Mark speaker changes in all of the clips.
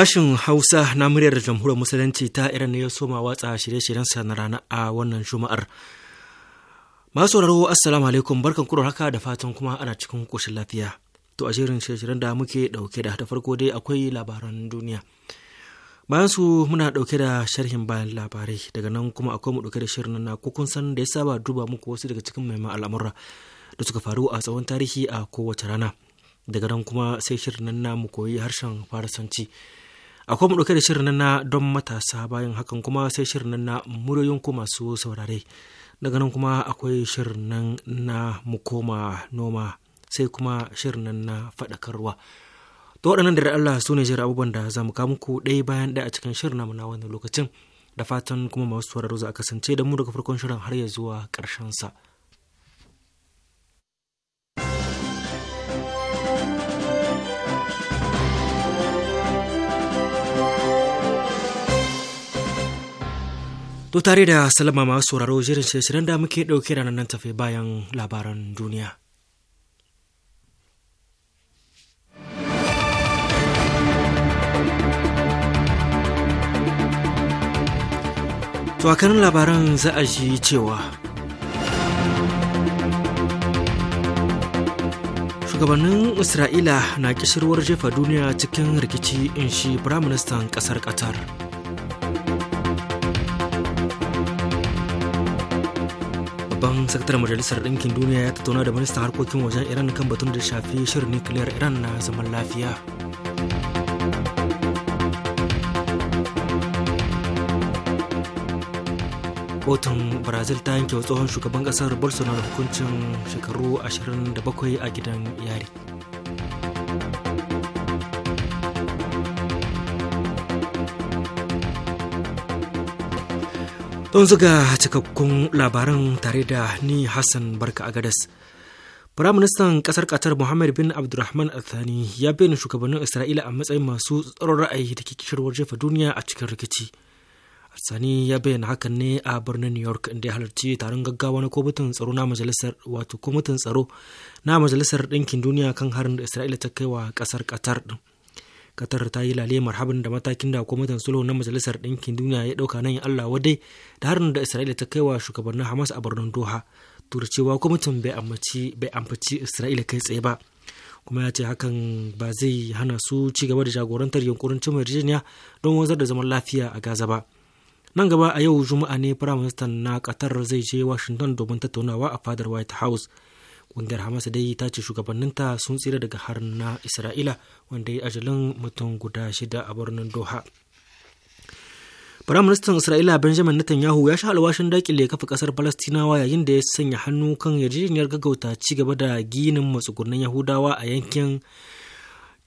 Speaker 1: Sashen Hausa na muryar jamhuriyar Musulunci ta Iran ne ya soma watsa shirye shiryen sa na rana a wannan Juma'ar. Masu sauraro Assalamu alaikum barkan kuro haka da fatan kuma ana cikin ƙoshin lafiya. To a jerin shirye-shiryen da muke dauke da farko dai akwai labaran duniya. Bayan su muna dauke da sharhin bayan labarai daga nan kuma akwai mu dauke da shirin na kukun san da ya saba duba muku wasu daga cikin mahimman al'amura da suka faru a tsawon tarihi a kowace rana. Daga nan kuma sai shirin nan na mu koyi harshen Farisanci. akwai mu dauke da shirin na don matasa bayan hakan kuma sai shirin na muryoyin ku masu saurare daga nan kuma akwai shirin nan na mu noma sai kuma shirin nan na faɗakarwa to waɗannan da Allah su ne shirin abubuwan da za mu muku ɗaya bayan ɗaya a cikin shirin namu na wannan lokacin da fatan kuma masu sauraro za a kasance da mu daga farkon shirin har ya zuwa ƙarshen sa. To tare da salama masu sauraro jirin shirin da muke ɗauke da nan tafe bayan labaran duniya. tuwakarin labaran za a ji cewa shugabannin Isra'ila na kishirwar jefa duniya cikin rikici in shi firaministan ƙasar Qatar. Babban sakataren Majalisar Ɗinkin Duniya ya tattauna da ministan harkokin wajen Iran kan batun da shafi shirin nukiliyar Iran na zaman lafiya. Kotun Brazil ta yanke wa tsohon shugaban ƙasar Bolsonaro hukuncin shekaru 27 a gidan yari. Don zuga cikakkun labaran tare da ni Hassan Barka a Gadas. Firaministan ƙasar katar muhammad bin Abdulrahman Athani ya bayyana shugabannin Isra'ila a matsayin masu tsaron ra'ayi da ke kishirwar jefa duniya a cikin rikici. Athani ya bayyana hakan ne a birnin New York inda ya halarci taron gaggawa na kwamitin tsaro na majalisar wato kwamitin tsaro na majalisar ɗinkin duniya kan harin da Isra'ila ta kai wa kasar katar. din. katar ta yi lale marhaban da matakin da kwamitin sulhu na Majalisar Ɗinkin Duniya ya ɗauka nan Allah wadai da harin da Isra'ila ta kai wa shugabannin Hamas a birnin Doha. cewa kwamitin bai amfaci Isra'ila kai tsaye ba. kuma ya ce hakan ba zai hana su ci gaba da jagorantar yunkurin cin don wanzar da zaman lafiya a gaza ba nan gaba a yau juma'a ne firaministan na qatar zai je washington domin tattaunawa a fadar white house kungiyar Hamas dai ta ce shugabanninta sun tsira daga har na Isra'ila wanda ya ajalin mutum guda shida a birnin Doha. Firaministan Isra'ila Benjamin Netanyahu ya sha alwashin dakile kafa kasar Falastinawa yayin da ya sanya hannu kan yarjejeniyar gaggauta ci gaba da ginin matsugunan Yahudawa a yankin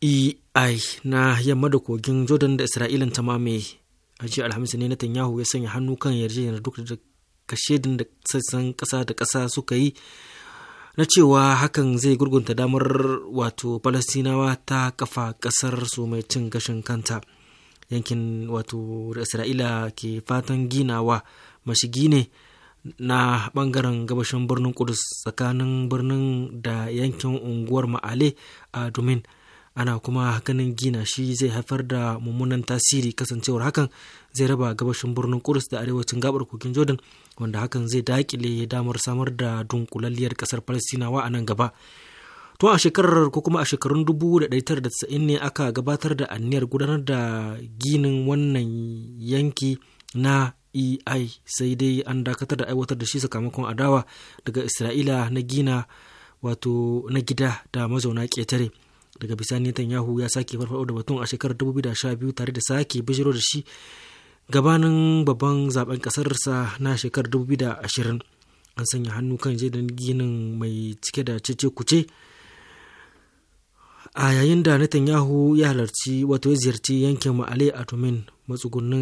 Speaker 1: EI na yamma da kogin Jordan da Isra'ilan ta mame A jiya Alhamis ne Netanyahu ya sanya hannu kan yarjejeniyar duk da kashedin da sassan kasa da kasa suka yi na cewa hakan zai gurgunta damar wato falastinawa ta kafa kasar su mai cin gashin kanta yankin wato isra'ila ke fatan ginawa mashigi ne na bangaren gabashin birnin kudus tsakanin birnin da yankin unguwar ma'ale a domin ana kuma ganin gina shi zai haifar da mummunan tasiri kasancewar hakan zai raba gabashin birnin kudus da arewacin gabar kogin jordan wanda hakan zai dakile damar samar da dunkulalliyar kasar Falastinawa a nan gaba. Tun a shekarar ko kuma a shekarun 1990 ne aka gabatar da anniyar gudanar da ginin wannan yanki na EI sai dai an dakatar da aiwatar da shi sakamakon adawa daga Isra'ila na gina wato na gida da mazauna ƙetare. Daga bisani Netanyahu ya sake farfaɗo da batun a shekarar 2012 tare da sake bijiro da shi gabanin babban zaben kasarsa na shekarar 2020 an sanya hannu kan jidan ginin mai cike da cece kuce a yayin da Netanyahu ya halarci wato ya ziyarci yankin ma'ale a tumin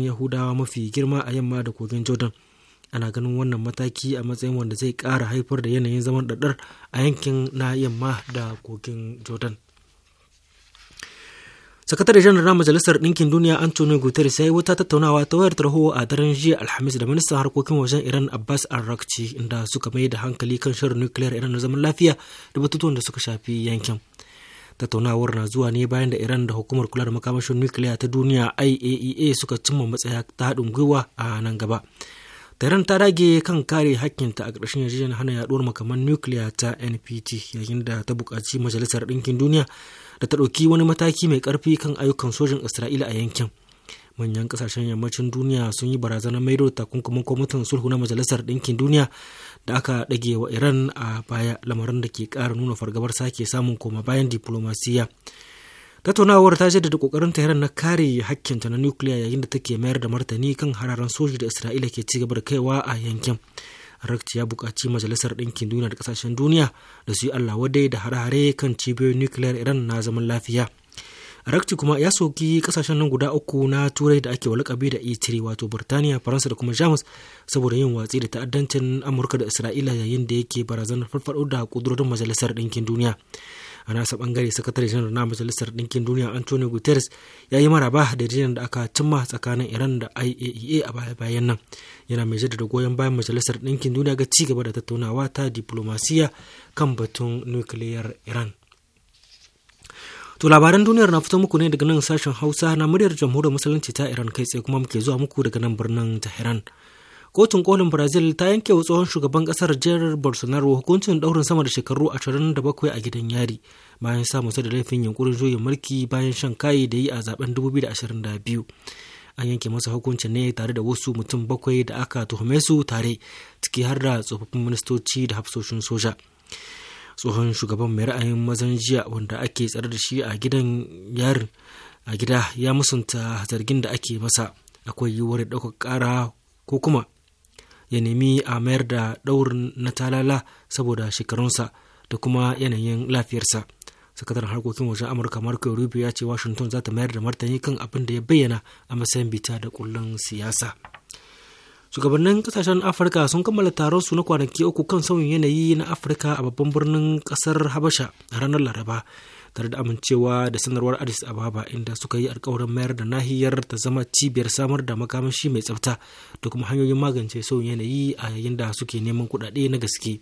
Speaker 1: yahudawa mafi girma a yamma da kogin jordan ana ganin wannan mataki a matsayin wanda zai kara haifar da yanayin zaman ɗaɗɗar a yankin na yamma da kogin jordan sakatare janar na majalisar ɗinkin duniya antonio guterres ya yi wata tattaunawa ta wayar tarho a daren jiya alhamis da ministan harkokin wajen iran abbas arrakci inda suka mai da hankali kan shirin nukiliyar iran na zaman lafiya da batutuwan da suka shafi yankin tattaunawar na zuwa ne bayan da iran da hukumar kula da makamashin nukiliya ta duniya iaea e suka cimma matsaya ta haɗin gwiwa a nan gaba taron ta dage kan kare hakkinta a ƙarshen yarjejeniyar hana yaduwar makaman nukiliya ta NPT yayin da ta buƙaci Majalisar Ɗinkin Duniya da ta ɗauki wani mataki mai ƙarfi kan ayyukan sojin Isra'ila a yankin. Manyan ƙasashen yammacin duniya sun yi barazanar maido da takunkumin kwamitin sulhu na Majalisar Ɗinkin Duniya da aka ɗage wa Iran a baya lamarin da ke ƙara nuna fargabar sake samun koma bayan diplomasiya. tattaunawar ta jaddada kokarin tehran na kare hakkinta na nukiliya yayin da take mayar da martani kan hararen soji da isra'ila ke ci gaba da kaiwa a yankin rakti ya buƙaci majalisar ɗinkin duniya da ƙasashen duniya da su yi allah wadai da hare-hare kan cibiyoyin nukiliyar iran na zaman lafiya rakti kuma ya soki ƙasashen nan guda uku na turai da ake walakabi da itiri e wato burtaniya faransa da kuma jamus saboda yin watsi da ta'addancin amurka da isra'ila yayin da yake barazanar farfaɗo da ƙudurorin majalisar ɗinkin duniya a nasa bangare sakatare janar na majalisar ɗinkin duniya antonio guterres ya yi maraba da yarjejeniyar da aka cimma tsakanin iran da iaea a baya e bayan nan yana mai jaddada goyon bayan majalisar ɗinkin duniya ga ci gaba da tattaunawa ta diplomasiya kan batun nukiliyar iran To labaran duniyar na fito muku ne daga nan sashen Hausa na muryar jamhuriyar musulunci ta Iran kai tsaye kuma muke zuwa muku daga nan birnin Tehran. kotun kolin brazil ta yanke wa tsohon shugaban kasar jerar bolsonaro hukuncin daurin sama da shekaru 27 a gidan yari bayan samun da laifin yunkurin juyin mulki bayan shan kayi da yi a zaben 2022 an yanke masa hukuncin ne tare da wasu mutum bakwai da aka tuhume su tare ciki har da tsofaffin ministoci da hafsoshin soja tsohon shugaban mai ra'ayin mazan jiya wanda ake tsare da shi a gidan yarin a gida ya musunta zargin da ake masa akwai yiwuwar ɗaukar ƙara ko kuma ya nemi a mayar da ɗaurin na talala saboda shekarunsa da kuma yanayin lafiyarsa sakataren harkokin wajen amurka marco rubio ya ce washington za ta mayar da martani kan abin da ya bayyana a matsayin bita da kullun siyasa shugabannin kasashen afirka sun kammala taron su na kwanaki uku kan sauyin yanayi na afirka a babban birnin kasar habasha a ranar laraba tare da amincewa da sanarwar addis ababa inda suka yi alkawarin mayar da nahiyar ta zama cibiyar samar da makamashi mai tsafta da kuma hanyoyin magance sauyin yanayi a yayin da suke neman kuɗaɗe na gaske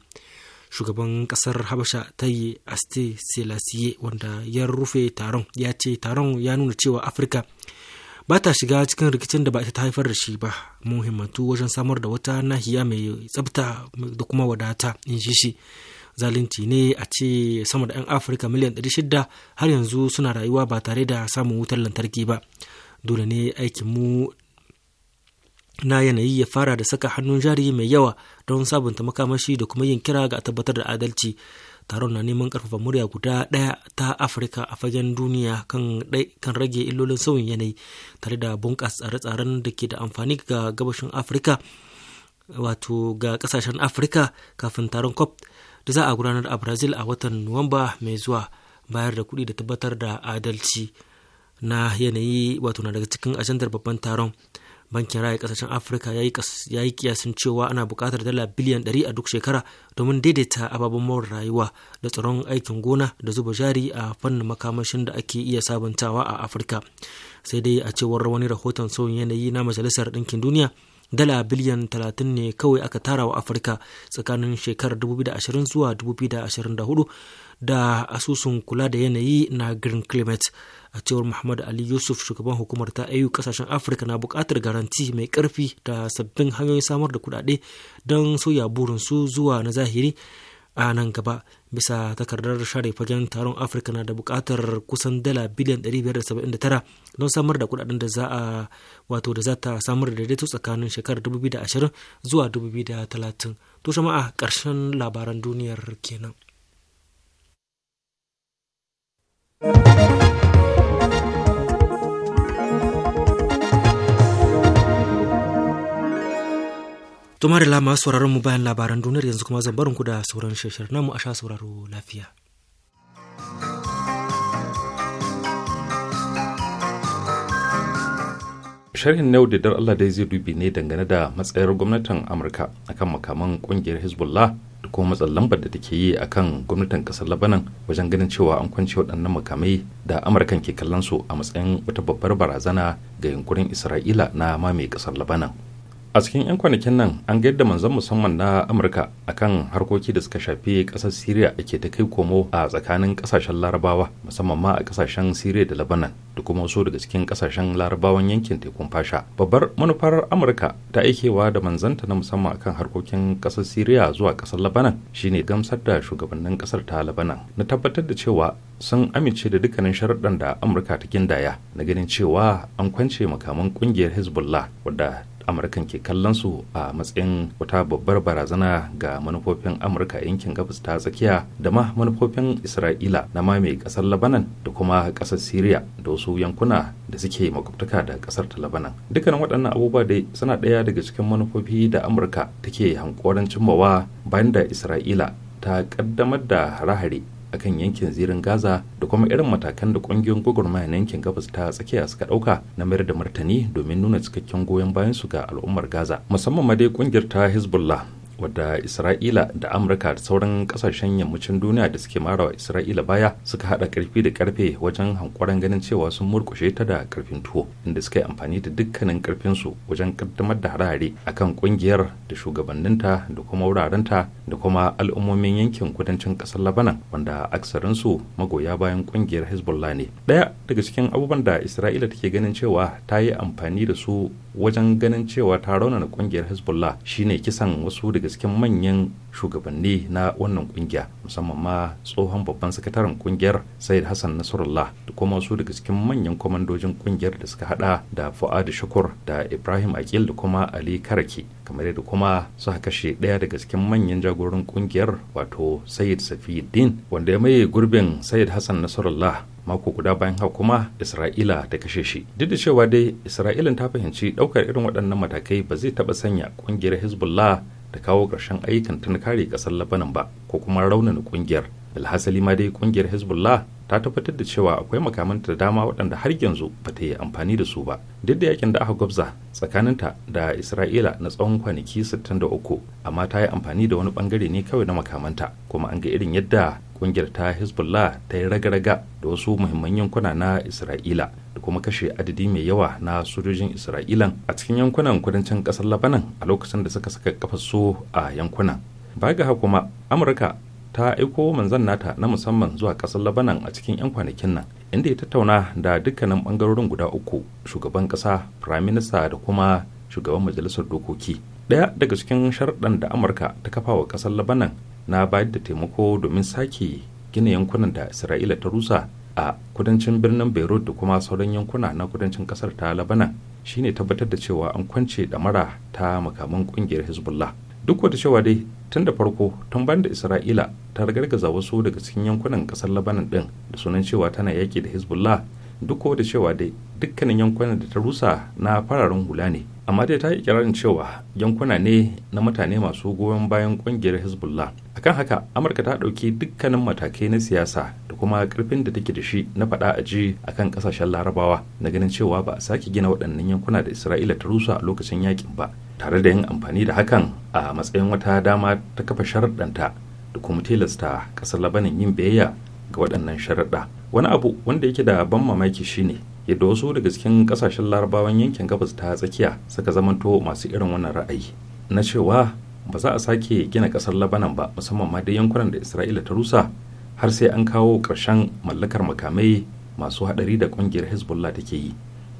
Speaker 1: shugaban kasar habasha ta yi aste selasiye wanda ya rufe taron ya ce taron ya nuna cewa afirka ba ta shiga cikin rikicin da ba ita ta haifar da shi ba muhimmatu wajen samar da wata nahiya mai tsabta da kuma wadata in shi shi zalunci ne a ce sama da 'yan afirka miliyan 600 har yanzu suna rayuwa ba tare da samun wutar lantarki ba dole ne aikinmu na yanayi ya fara da saka hannun jari mai yawa don sabunta makamashi da kuma yin kira ga tabbatar da adalci taron na neman karfafa murya guda ɗaya ta afirka a fagen duniya kan rage illolin sauyin yanayi tare da bunƙasa tsare-tsaren da ke da amfani ga gabashin afirka wato ga kasashen afirka kafin taron cop da za a gudanar a brazil a watan nuwamba mai zuwa bayar da kuɗi da tabbatar da adalci na yanayi wato na daga cikin ajandar babban taron bankin raya kasashen afirka ya yi kiyasin cewa ana bukatar dala biliyan 100 a duk shekara domin daidaita ababen mawar rayuwa da tsaron aikin gona da zuba jari a fannin makamashin da ake iya sabantawa a afirka sai dai a cewar wani rahoton sauyin yanayi na majalisar ɗinkin duniya dala biliyan 30 ne kawai aka tara wa afirka tsakanin shekarar 2020 zuwa 2024 da asusun kula da yanayi na green climate a cewar muhammad ali yusuf shugaban hukumar ta au kasashen afirka na bukatar garanti mai karfi da sabbin hanyoyin samar da kudade don soya burinsu zuwa na zahiri a nan gaba bisa takardar share fagen taron afirka na da bukatar kusan dala biliyan 579 don samar da kudaden da za a wato da za ta samar da daidaito tsakanin shekarar 2020 zuwa 2030 to a karshen labaran duniyar kenan. Tuma da lama sauraron mu bayan labaran duniyar yanzu kuma zan barin ku da sauran shirin namu a sha sauraro lafiya.
Speaker 2: sharhin na da dar Allah dai zai dubi ne dangane da matsayar gwamnatin Amurka akan makaman kungiyar Hezbollah da kuma matsan lambar da take yi akan gwamnatin kasar Labanan wajen ganin cewa an kwance waɗannan makamai da Amurkan ke kallon su a matsayin wata babbar barazana ga yunkurin Isra'ila na mamaye kasar Labanan. a cikin 'yan kwanakin nan an gaida manzon musamman na amurka a kan harkoki da suka shafi kasar syria ake ta kai komo a tsakanin kasashen larabawa musamman ma a kasashen syria da labanan da kuma wasu daga cikin kasashen larabawan yankin tekun fasha babbar manufar amurka ta aikewa da manzanta na musamman akan harkokin kasar syria zuwa kasar labanan shine gamsar da shugabannin kasar ta labanan na tabbatar da cewa sun amince da dukkanin sharuɗan da amurka ta gindaya na ganin cewa an kwance makaman kungiyar hezbollah wadda amurkan ke kallon su a matsayin wata babbar barazana ga manufofin amurka yankin gabas ta tsakiya da ma manufofin isra'ila na ma mai kasar labanan da kuma kasar syria da wasu yankuna da suke makwabtaka da kasar ta labanan dukkanin waɗannan abubuwa dai suna ɗaya daga cikin manufofi da amurka take hankoran cimmawa bayan da isra'ila ta ƙaddamar da rahare akan yankin zirin gaza da kuma irin matakan da kungiyoyin gwagwarmaya na yankin gabas ta tsakiya suka dauka na mayar da martani domin nuna cikakken goyon bayan su ga al'ummar gaza musamman ma dai kungiyar ta hezbollah wadda isra'ila da amurka da sauran kasashen yammacin duniya da suke mara wa isra'ila baya suka hada karfi da karfe wajen hankoran ganin cewa sun murkushe ta da karfin tuwo inda suka yi amfani da dukkanin karfinsu wajen kaddamar da harare kan kungiyar da shugabanninta da kuma wurarenta da kuma al'ummomin yankin kudancin kasar labanan wanda aksarinsu magoya bayan kungiyar hezbollah ne daya daga cikin abubuwan da isra'ila take ganin cewa ta yi amfani da su wajen ganin cewa ta raunana kungiyar hezbollah shine kisan wasu daga cikin manyan shugabanni na wannan kungiya musamman ma tsohon babban sakataren kungiyar said hassan nasrullah da kuma wasu daga cikin manyan kwamandojin kungiyar da suka hada da fuad shakur da ibrahim akil da kuma ali karaki kamar yadda kuma suka kashe ɗaya daga cikin manyan jagororin kungiyar wato said safiuddin wanda ya maye gurbin said hassan nasrullah mako guda bayan haka kuma isra'ila ta kashe shi duk da cewa dai isra'ilan ta fahimci daukar irin waɗannan matakai ba zai taɓa sanya ƙungiyar hezbollah da kawo ƙarshen ayyukan ta na kare ƙasar labanan ba ko kuma raunin ƙungiyar alhasali ma dai ƙungiyar hezbollah ta tabbatar da cewa akwai makamanta da dama waɗanda har yanzu ba ta yi amfani da su ba duk da yakin da aka gwabza tsakaninta da isra'ila na tsawon kwanaki 63 amma ta yi amfani da wani bangare ne kawai na makamanta kuma an ga irin yadda kungiyar ta hezbollah ta yi raga-raga da wasu muhimman yankuna na isra'ila da kuma kashe adadi mai yawa na sojojin isra'ilan a cikin yankunan kudancin kasar labanan a lokacin da suka saka kafasu a yankunan baya ga kuma amurka ta aiko manzan nata na musamman zuwa kasar labanan a cikin 'yan kwanakin nan inda ya tattauna da dukkanin bangarorin guda uku shugaban kasa prime minister da kuma shugaban majalisar dokoki daya daga cikin sharɗan da amurka ta kafa wa kasar labanan na bayar da taimako domin sake gina yankunan da isra'ila ta rusa a kudancin birnin beirut da kuma sauran yankuna na kudancin kasar ta labanan shine tabbatar da cewa an kwance damara ta makaman kungiyar hezbollah duk wata cewa dai tun da farko tun bayan da isra'ila ta ragargaza wasu daga cikin yankunan kasar labanan din da sunan cewa tana yaki da hezbollah duk da cewa dai dukkanin yankunan da ta rusa na fararen hula ne amma dai ta yi ikirarin cewa yankuna ne na mutane masu goyon bayan kungiyar hezbollah akan haka amurka ta ɗauki dukkanin matakai na siyasa da kuma karfin da take da shi na faɗa a ji a kan ƙasashen larabawa na ganin cewa ba a sake gina waɗannan yankuna da isra'ila ta rusa a lokacin yakin ba tare da yin amfani da hakan a matsayin wata dama ta kafa sharaɗanta da kuma tilasta ƙasar labanin yin biyayya ga waɗannan sharaɗa wani abu wanda yake da ban mamaki shine yadda wasu daga cikin kasashen larabawan yankin gabas ta tsakiya suka zamanto masu irin wannan ra'ayi na cewa ba za a sake gina kasar labanan ba musamman ma da yankunan da isra'ila ta rusa har sai an kawo ƙarshen mallakar makamai masu hadari da kungiyar hezbollah take yi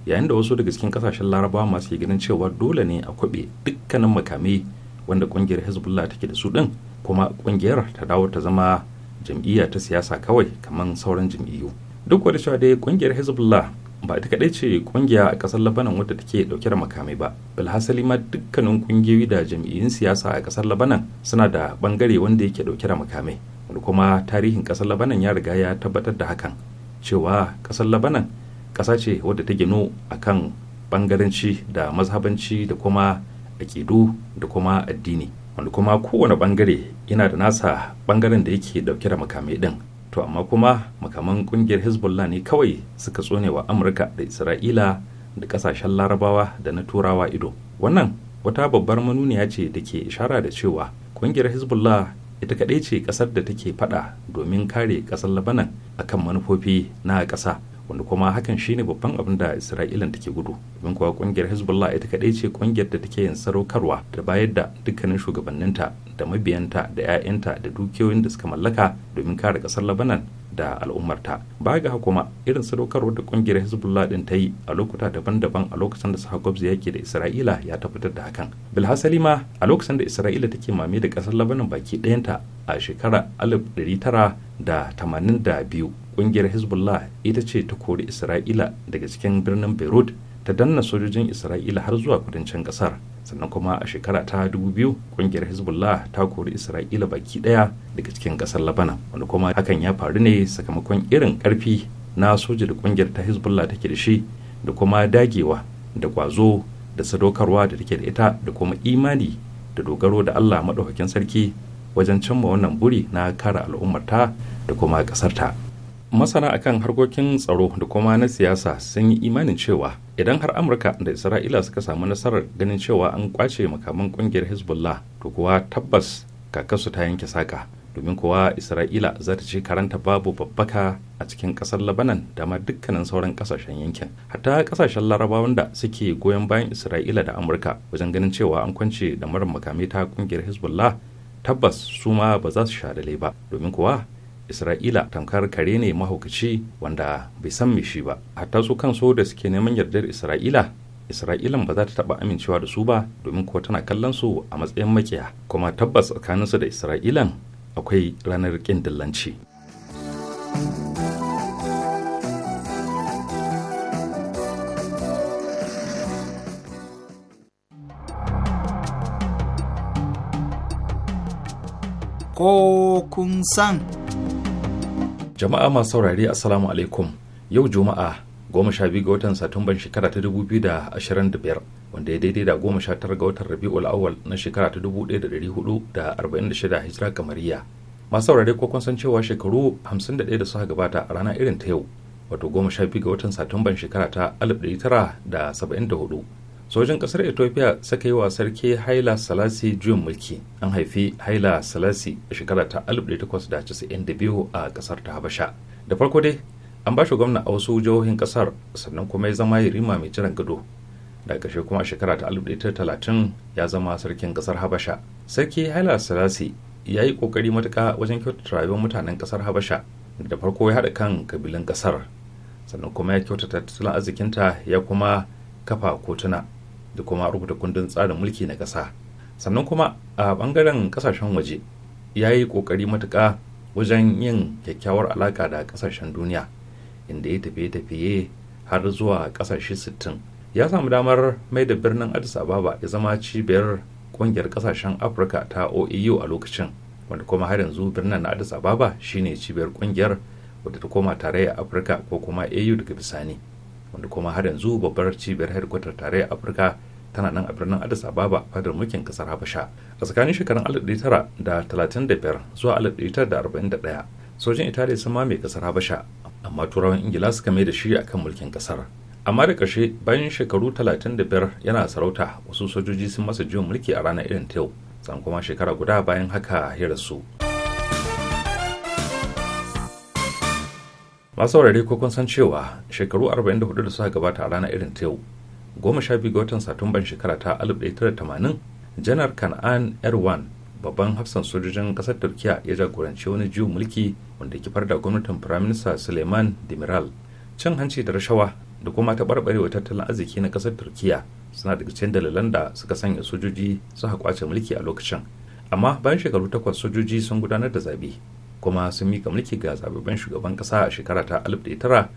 Speaker 2: yayin da wasu daga cikin kasashen larabawa masu ganin cewa dole ne a kwaɓe dukkanin makamai wanda ƙungiyar hezbollah take da su ɗin kuma ƙungiyar ta dawo ta zama jam'iyya ta siyasa kawai kamar sauran jam'iyyu duk da cewa dai kungiyar hezbollah ba ita kaɗai ce kungiya a ƙasar labanan wadda take ɗauke da makamai ba bilhassali ma dukkanin kungiyoyi da jam'iyyun siyasa a ƙasar labanan suna da bangare wanda yake ɗauke da makamai wanda kuma tarihin ƙasar labanan ya riga ya tabbatar da hakan cewa ƙasar labanan ƙasa ce wadda ta gino akan ɓangaranci da mazhabanci da kuma aƙidu da kuma addini wanda kuma kowane bangare yana da nasa bangaren da yake dauke da makamai din to amma kuma makaman kungiyar hezbollah ne kawai suka tsone wa amurka da isra'ila da kasashen larabawa da na turawa ido wannan wata babbar manuniya ce da ke ishara da cewa kungiyar hezbollah ita kaɗai ce ƙasar da take faɗa domin kare ƙasar labanan akan manufofi na ƙasa wanda kuma hakan shine babban abin da isra'ila take gudu domin kuwa kungiyar hezbollah ita kadai ce kungiyar da take yin sadaukarwa da bayar da dukkanin shugabanninta da mabiyanta da 'ya'yanta da dukiyoyin da suka mallaka domin kare kasar labanan da al'ummarta ba ga kuma irin sadaukarwar da kungiyar hezbollah din ta yi a lokuta daban-daban a lokacin da suka gwabza yaki da isra'ila ya tabbatar da hakan bilhassali ma a lokacin da isra'ila take mame da kasar labanan baki ɗayanta a shekara 1982 ƙungiyar hezbollah ita ce ta kori isra'ila daga cikin birnin beirut ta danna sojojin isra'ila har zuwa kudancin kasar sannan kuma a shekara ta dubu biyu kungiyar hezbollah ta kori isra'ila baki ɗaya daga cikin kasar labanan wani kuma hakan ya faru ne sakamakon irin karfi na soja da kungiyar ta hezbollah take da shi da kuma dagewa da kwazo da sadaukarwa da take da ita da kuma imani da dogaro da allah maɗaukakin sarki wajen cimma wannan buri na kara al'ummarta da kuma ƙasarta. masana akan harkokin tsaro da kuma na siyasa sun yi imanin cewa idan har amurka da isra'ila suka samu nasarar ganin cewa an kwace makaman kungiyar hezbollah to kuwa tabbas kakasu ta yanke saka domin kuwa isra'ila za ta ci karanta babu babbaka a cikin kasar labanan da ma dukkanin sauran kasashen yankin hatta kasashen larabawan da suke goyon bayan isra'ila da amurka wajen ganin cewa an kwance da marar makamai ta kungiyar hezbollah tabbas su ma ba za su sha ba domin kuwa isra'ila tamkar kare ne mahaukaci wanda bai san me shi ba hatta su kansu da suke neman yardar isra'ila isra'ilan ba za ta taba amincewa da su ba domin kuwa tana kallon su a matsayin makiya kuma tabbas tsakaninsu da isra'ilan akwai ranar ƙin dillanci
Speaker 3: ko kun san
Speaker 2: jama'a masu saurari assalamu alaikum yau juma'a goma sha biyu ga watan satumban shekara ta dubu biyu da ashirin da biyar wanda ya daidai da goma sha tara ga watan rabi'ul awal na shekara ta dubu ɗaya da ɗari hudu da arba'in da shida hijira kamariya masu saurari ko kun san cewa shekaru hamsin da ɗaya da suka gabata a rana irin ta yau wato goma sha biyu ga watan satumban shekara ta alif ɗari tara da saba'in da hudu sojin kasar ethiopia suka yi wa sarki haila salasi juyin mulki an haifi haila salasi a shekara ta 1892 a kasar ta habasha da farko dai an ba shi gwamna a wasu jihohin kasar sannan kuma ya zama rima mai jiran gado da ƙarshe kuma a shekara ta 1930 ya zama sarkin kasar habasha sarki haila salasi ya yi ƙoƙari matuƙa wajen kyautata rayuwar mutanen kasar habasha da farko ya haɗa kan kabilan kasar sannan kuma ya kyautata tattalin arzikinta ya kuma kafa kotuna da kuma rubuta kundin tsarin mulki na kasa sannan kuma a bangaren kasashen waje ya yi ƙoƙari matuka wajen yin kyakkyawar alaƙa da kasashen duniya inda ya tafiye-tafiye har zuwa ƙasashe 60 ya samu damar mai da birnin addis ababa ya zama cibiyar ƙungiyar ƙasashen afirka ta oeu a lokacin wanda kuma har yanzu birnin addis ababa shine cibiyar ƙungiyar wadda ta koma tarayyar afirka ko kuma au e daga bisani wanda kuma har yanzu babbar cibiyar hedikwatar tarayyar afirka tana nan a birnin addis ababa fadar mulkin kasar habasha a tsakanin shekarun 1935 zuwa 1941 sojin italiya sun mame kasar habasha amma turawan ingila suka mai da shi kan mulkin kasar amma da ƙarshe bayan shekaru 35 yana sarauta wasu sojoji sun masa jiwon mulki a ranar irin ta yau kuma shekara guda bayan haka ya rasu masu saurare ko kun san cewa shekaru 44 da suka gabata a ranar irin ta yau goma sha biyu ga watan satumban shekara ta 1980 janar kan'an erwan babban hafsan sojojin ƙasar turkiya ya jagoranci wani juyin mulki wanda kifar da gwamnatin firaminista suleiman demiral cin hanci da rashawa da kuma ta barbarewa tattalin arziki na kasar turkiya suna daga cikin dalilan da suka sanya sojoji su kwace mulki a lokacin amma bayan shekaru takwas sojoji sun gudanar da zaɓe kuma sun mika mulki ga zababben shugaban ƙasa a shekara ta tara.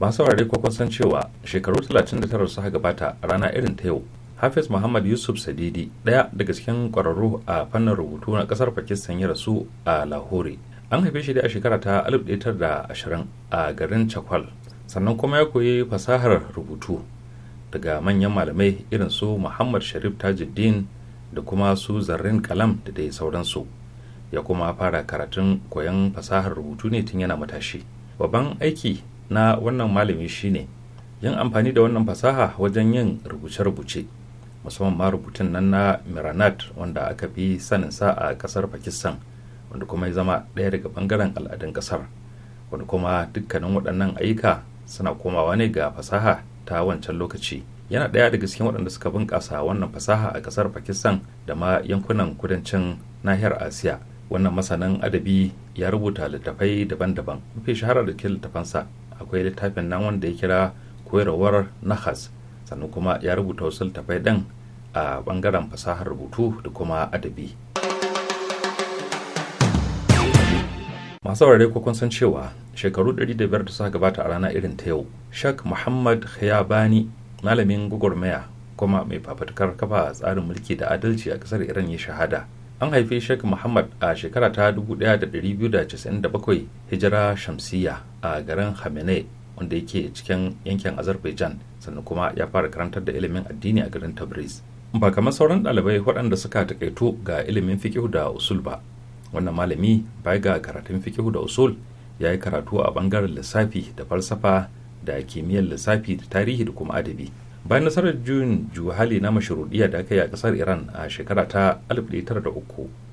Speaker 2: masu saurare ko kun san cewa shekaru 39 suka gabata a rana irin ta yau hafiz muhammad yusuf sadidi ɗaya daga cikin ƙwararru a fannin rubutu na ƙasar pakistan ya rasu a lahore an haife shi da a shekara ta 1920 a garin chakwal sannan kuma ya koyi fasahar rubutu daga manyan malamai irin su muhammad sharif tajuddin da kuma su zarrin kalam da dai sauransu ya kuma fara karatun koyon fasahar rubutu ne tun yana matashi babban aiki na wannan malami shine yin amfani da wannan fasaha wajen yin rubuce-rubuce musamman ma rubutun nan na miranat wanda aka fi sanin sa a kasar pakistan wanda kuma ya zama ɗaya daga bangaren al'adun kasar wanda kuma dukkanin waɗannan ayyuka suna komawa ne ga fasaha ta wancan lokaci yana ɗaya daga cikin waɗanda suka bunƙasa wannan fasaha a kasar pakistan da ma yankunan kudancin nahiyar asiya wannan masanin adabi ya rubuta littafai daban-daban mafi shahara da ke littafansa akwai littafin nan wanda ya kira koyarwar nahas sannan kuma ya rubuta wasu littafai ɗin a ɓangaren fasahar rubutu da kuma adabi masu saurare ko kun san cewa shekaru ɗari da suka gabata a rana irin ta yau shak muhammad khayabani malamin gwagwarmaya kuma mai fafatukar kafa tsarin mulki da adalci a kasar iran ya shahada an haifi sheikh muhammad a shekara ta 1297 hijira shamsiya a garin hamene wanda yake cikin yankin azerbaijan sannan kuma ya fara karantar da ilimin addini a garin tabriz ba kamar sauran ɗalibai waɗanda suka taƙaito ga ilimin fikihu da usul ba wannan malami baya ga karatun fikihu da usul ya yi karatu a bangaren lissafi da falsafa da kimiyyar lissafi da tarihi da kuma adabi bayan nasarar juyin juhali na mashruɗiya da aka yi a ƙasar iran a shekara ta 1903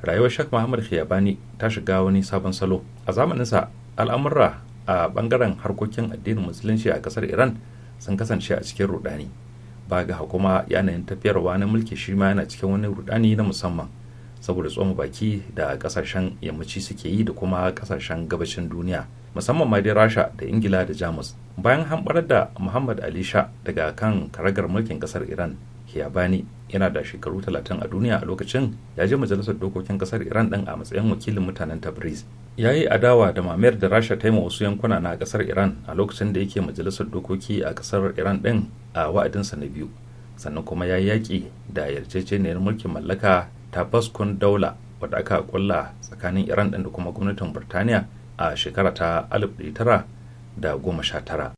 Speaker 2: rayuwar shak muhammad khiyabani ta shiga wani sabon salo a zamaninsa al'amurra a bangaren harkokin addinin musulunci a ƙasar iran sun kasance a cikin rudani ba ga hukuma yanayin tafiyarwa na mulki shi ma yana cikin wani rudani na musamman saboda tsoma baki da kasashen yammaci suke yi da kuma ƙasashen gabashin duniya musamman ma dai rasha da ingila da jamus bayan hamɓarar da muhammad ali sha daga kan karagar mulkin kasar iran hiyabani yana da shekaru talatin a duniya a lokacin ya je majalisar dokokin kasar iran din a matsayin wakilin mutanen tabriz ya yi adawa da mamayar da rasha ta yi ma wasu yankuna na kasar iran a lokacin da yake majalisar dokoki a kasar iran din a wa'adinsa na biyu sannan kuma ya yi yaƙi da yarjejeniyar mulkin mallaka ta baskun daula wadda aka kulla tsakanin iran din da kuma gwamnatin burtaniya a shekara ta 1919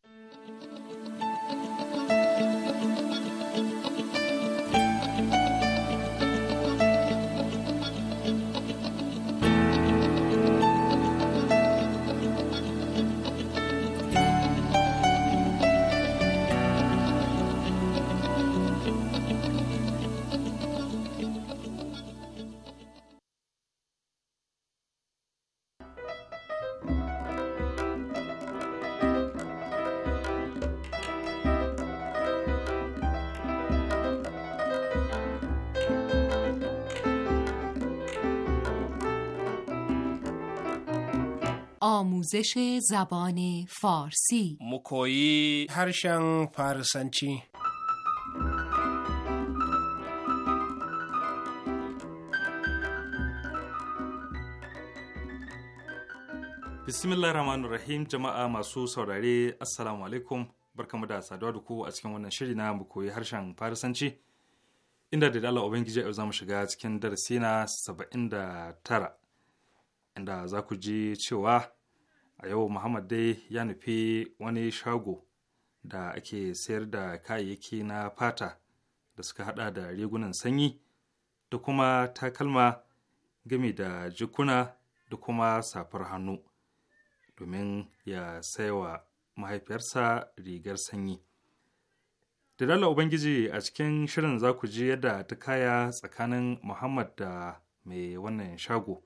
Speaker 4: آموزش زبان فارسی
Speaker 5: harshen هرشن فارسنچی
Speaker 2: bismillah rahmanu rahim jama'a masu saurare assalamu alaikum barkamu da saduwa da ku a cikin wannan shiri na mu koyi harshen farisanci inda da dala ubangiji yau zamu shiga cikin darasi na saba'in da tara inda za ku ji cewa a yau muhammad dai ya nufi wani shago da ake sayar da kayayyaki na fata da suka hada da rigunan sanyi da kuma takalma gami da jikuna da kuma safar hannu domin ya saiwa mahaifiyarsa rigar sanyi da dala ubangiji a cikin shirin za ku ji yadda ta kaya tsakanin muhammad da mai wannan shago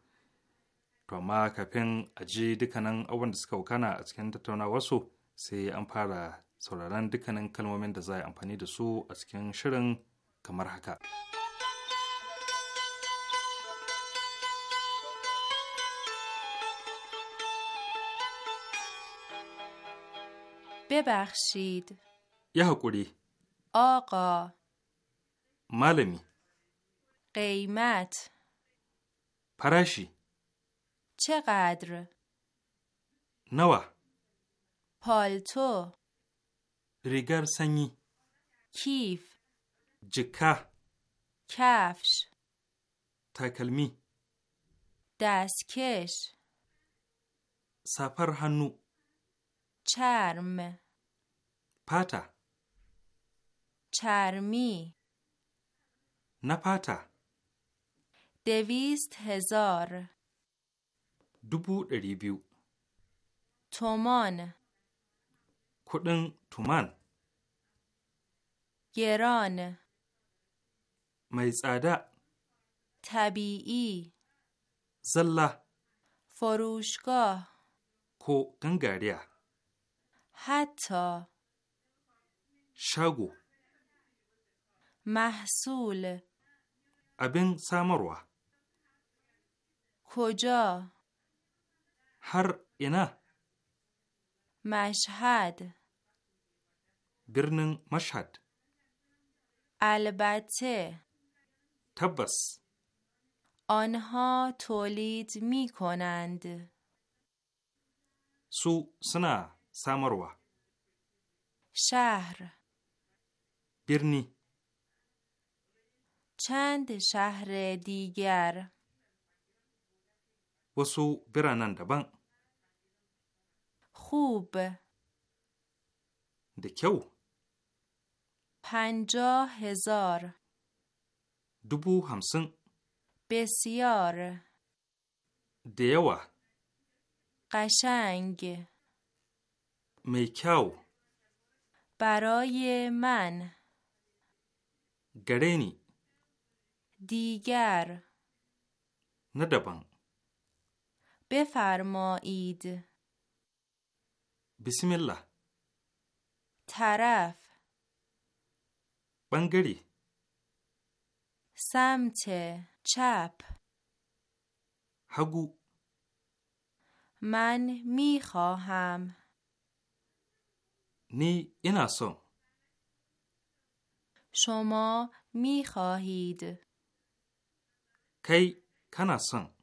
Speaker 2: to amma kafin a ji dukkanin abubuwan da suka wakana a cikin wasu sai an fara sauraron dukkanin kalmomin da za a amfani da su a cikin shirin kamar haka.
Speaker 4: ببخشید
Speaker 2: یا حقوری
Speaker 4: آقا مالمی قیمت پرشی چقدر؟ نوا پالتو
Speaker 2: ریگر سنی
Speaker 4: کیف جکه کفش
Speaker 2: تاکلمی
Speaker 4: دستکش
Speaker 2: سفر هنو
Speaker 4: چرم پاتا چرمی نپاتا دویست هزار
Speaker 2: dubu ɗari biyu.
Speaker 4: Tomon.
Speaker 2: Kuɗin tuman.
Speaker 4: Geron. Mai tsada. Tabi'i. Zalla. Forushka.
Speaker 2: Ko gangariya. Hatta. Shago.
Speaker 4: Mahsul.
Speaker 2: Abin samarwa. koja هر اینا
Speaker 4: مشهد
Speaker 2: برنن مشهد
Speaker 4: البته
Speaker 2: تبس
Speaker 4: آنها تولید می کنند
Speaker 2: سو سنا سامروا
Speaker 4: شهر برنی چند شهر دیگر
Speaker 2: وسو برانن دبن خوب دکیو
Speaker 4: پنجاه هزار
Speaker 2: دوبو همسن
Speaker 4: بسیار دیوه قشنگ
Speaker 2: میکاو
Speaker 4: برای من گرینی دیگر ندبن بفرمایید بسم الله طرف بنگری سمت چپ هگو من می خواهم
Speaker 2: نی این
Speaker 4: شما می خواهید
Speaker 2: کی کناسون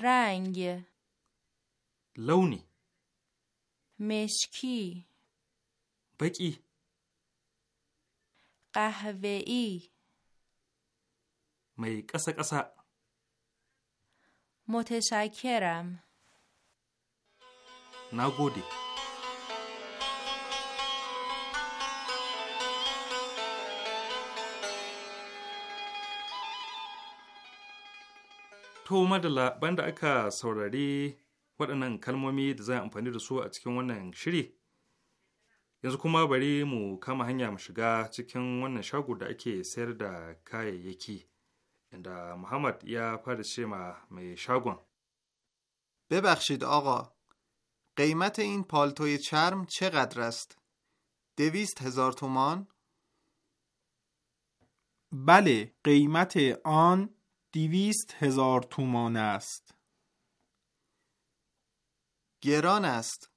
Speaker 4: Launi. لونی مشکی بکی قهوه‌ای
Speaker 2: mai ƙasa-ƙasa.
Speaker 4: Motashakeram.
Speaker 2: Na gode. kawo madala banda aka saurari waɗannan kalmomi da za a amfani da su a cikin wannan shiri yanzu kuma bari mu kama hanya mu shiga cikin wannan shago da ake sayar da kayayyaki inda muhammad ya fara ce ma mai shagon
Speaker 6: ببخشید آقا قیمت این پالتوی چرم چقدر
Speaker 7: است؟ دویست هزار تومان؟ بله قیمت آن دیویست هزار تومان است گران است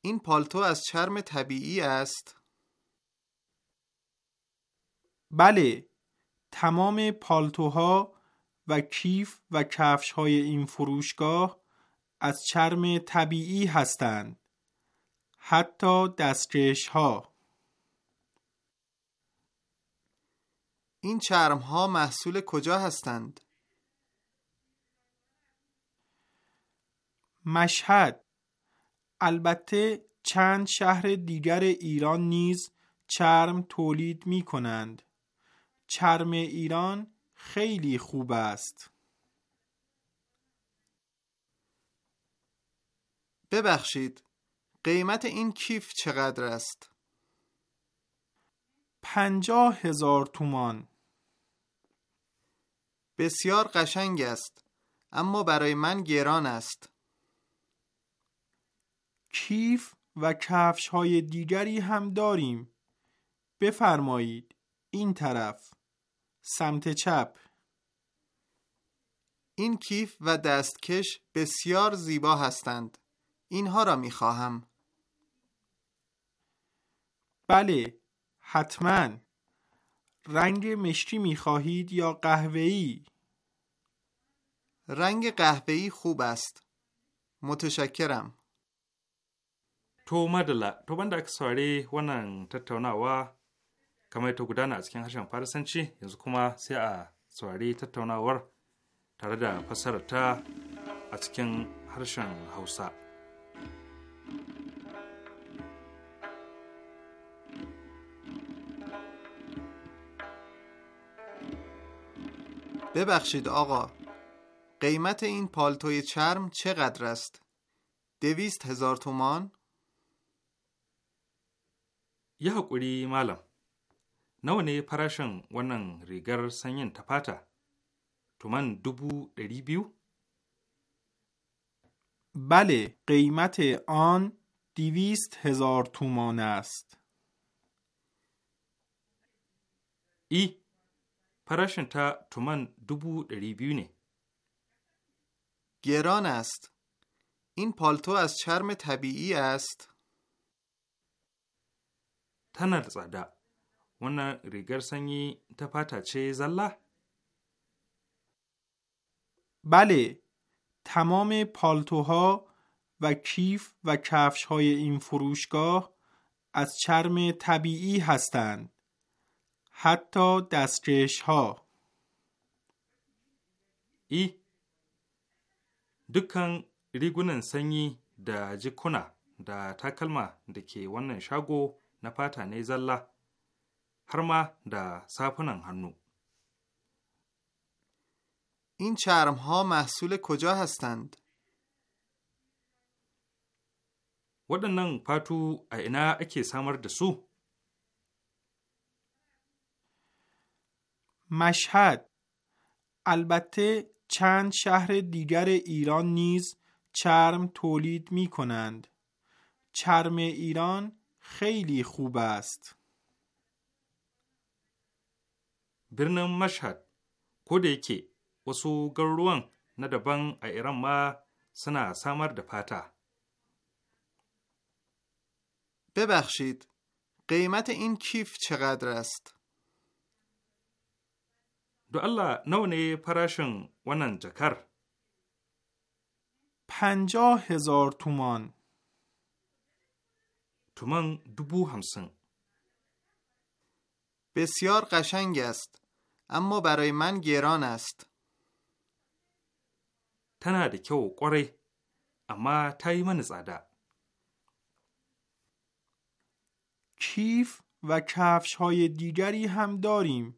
Speaker 7: این پالتو از چرم طبیعی است بله تمام پالتوها و کیف و کفش های این فروشگاه از چرم طبیعی هستند حتی دستکش ها این
Speaker 6: چرم ها محصول کجا هستند؟
Speaker 7: مشهد البته چند شهر دیگر ایران نیز چرم تولید می کنند. چرم ایران خیلی خوب است.
Speaker 6: ببخشید قیمت این کیف چقدر است؟ پنجاه هزار تومان بسیار قشنگ است اما برای من
Speaker 7: گران است کیف و کفش های دیگری هم داریم بفرمایید این طرف سمت چپ این کیف و دستکش
Speaker 6: بسیار زیبا هستند اینها را می خواهم
Speaker 7: بله حتما رنگ مشکی می خواهید یا قهوه‌ای رنگ قهوه‌ای خوب
Speaker 2: است. متشکرم. To madala, to banda aka saurari wannan tattaunawa kamar ta gudana a cikin harshen Farisanci yanzu kuma sai a saurari tattaunawar tare da ta a cikin harshen Hausa.
Speaker 6: ببخشید آقا قیمت این پالتوی چرم چقدر است؟ دویست هزار تومان؟
Speaker 2: یه حقوری معلم نوانه پراشن ونن ریگر سنین تپاتا. تومان دوبو دری بیو؟
Speaker 7: بله قیمت آن دویست هزار تومان
Speaker 2: است ای پراشن تا تومان دوبو دری بیو نه گران
Speaker 6: است. این پالتو از چرم طبیعی است.
Speaker 2: تنر زده. ونا ریگر سنگی ta چه بله تمام
Speaker 7: پالتوها و کیف و کفش های این فروشگاه از چرم طبیعی هستند حتی دستکش
Speaker 2: ها ای dukkan rigunan sanyi da jikuna da takalma da ke wannan shago na fata ne zalla har ma da safunan hannu. in charm ha محصول کجا hastand? waɗannan fatu a ina ake samar da su?
Speaker 7: Mashhad albatte چند شهر دیگر ایران نیز چرم تولید می کنند. چرم ایران
Speaker 2: خیلی خوب است. برنم مشهد کو که یکه wasu ندبان ایران daban سنا ما سنا سامر
Speaker 6: ببخشید قیمت این کیف چقدر است؟
Speaker 2: دو الله نو نه ننجکر ونن جکر پنجاه هزار تومان تومان
Speaker 6: دوبو همسنگ بسیار قشنگ است
Speaker 2: اما برای من گران است تنا da kyau اما amma ta
Speaker 7: کیف و کفش های دیگری هم داریم.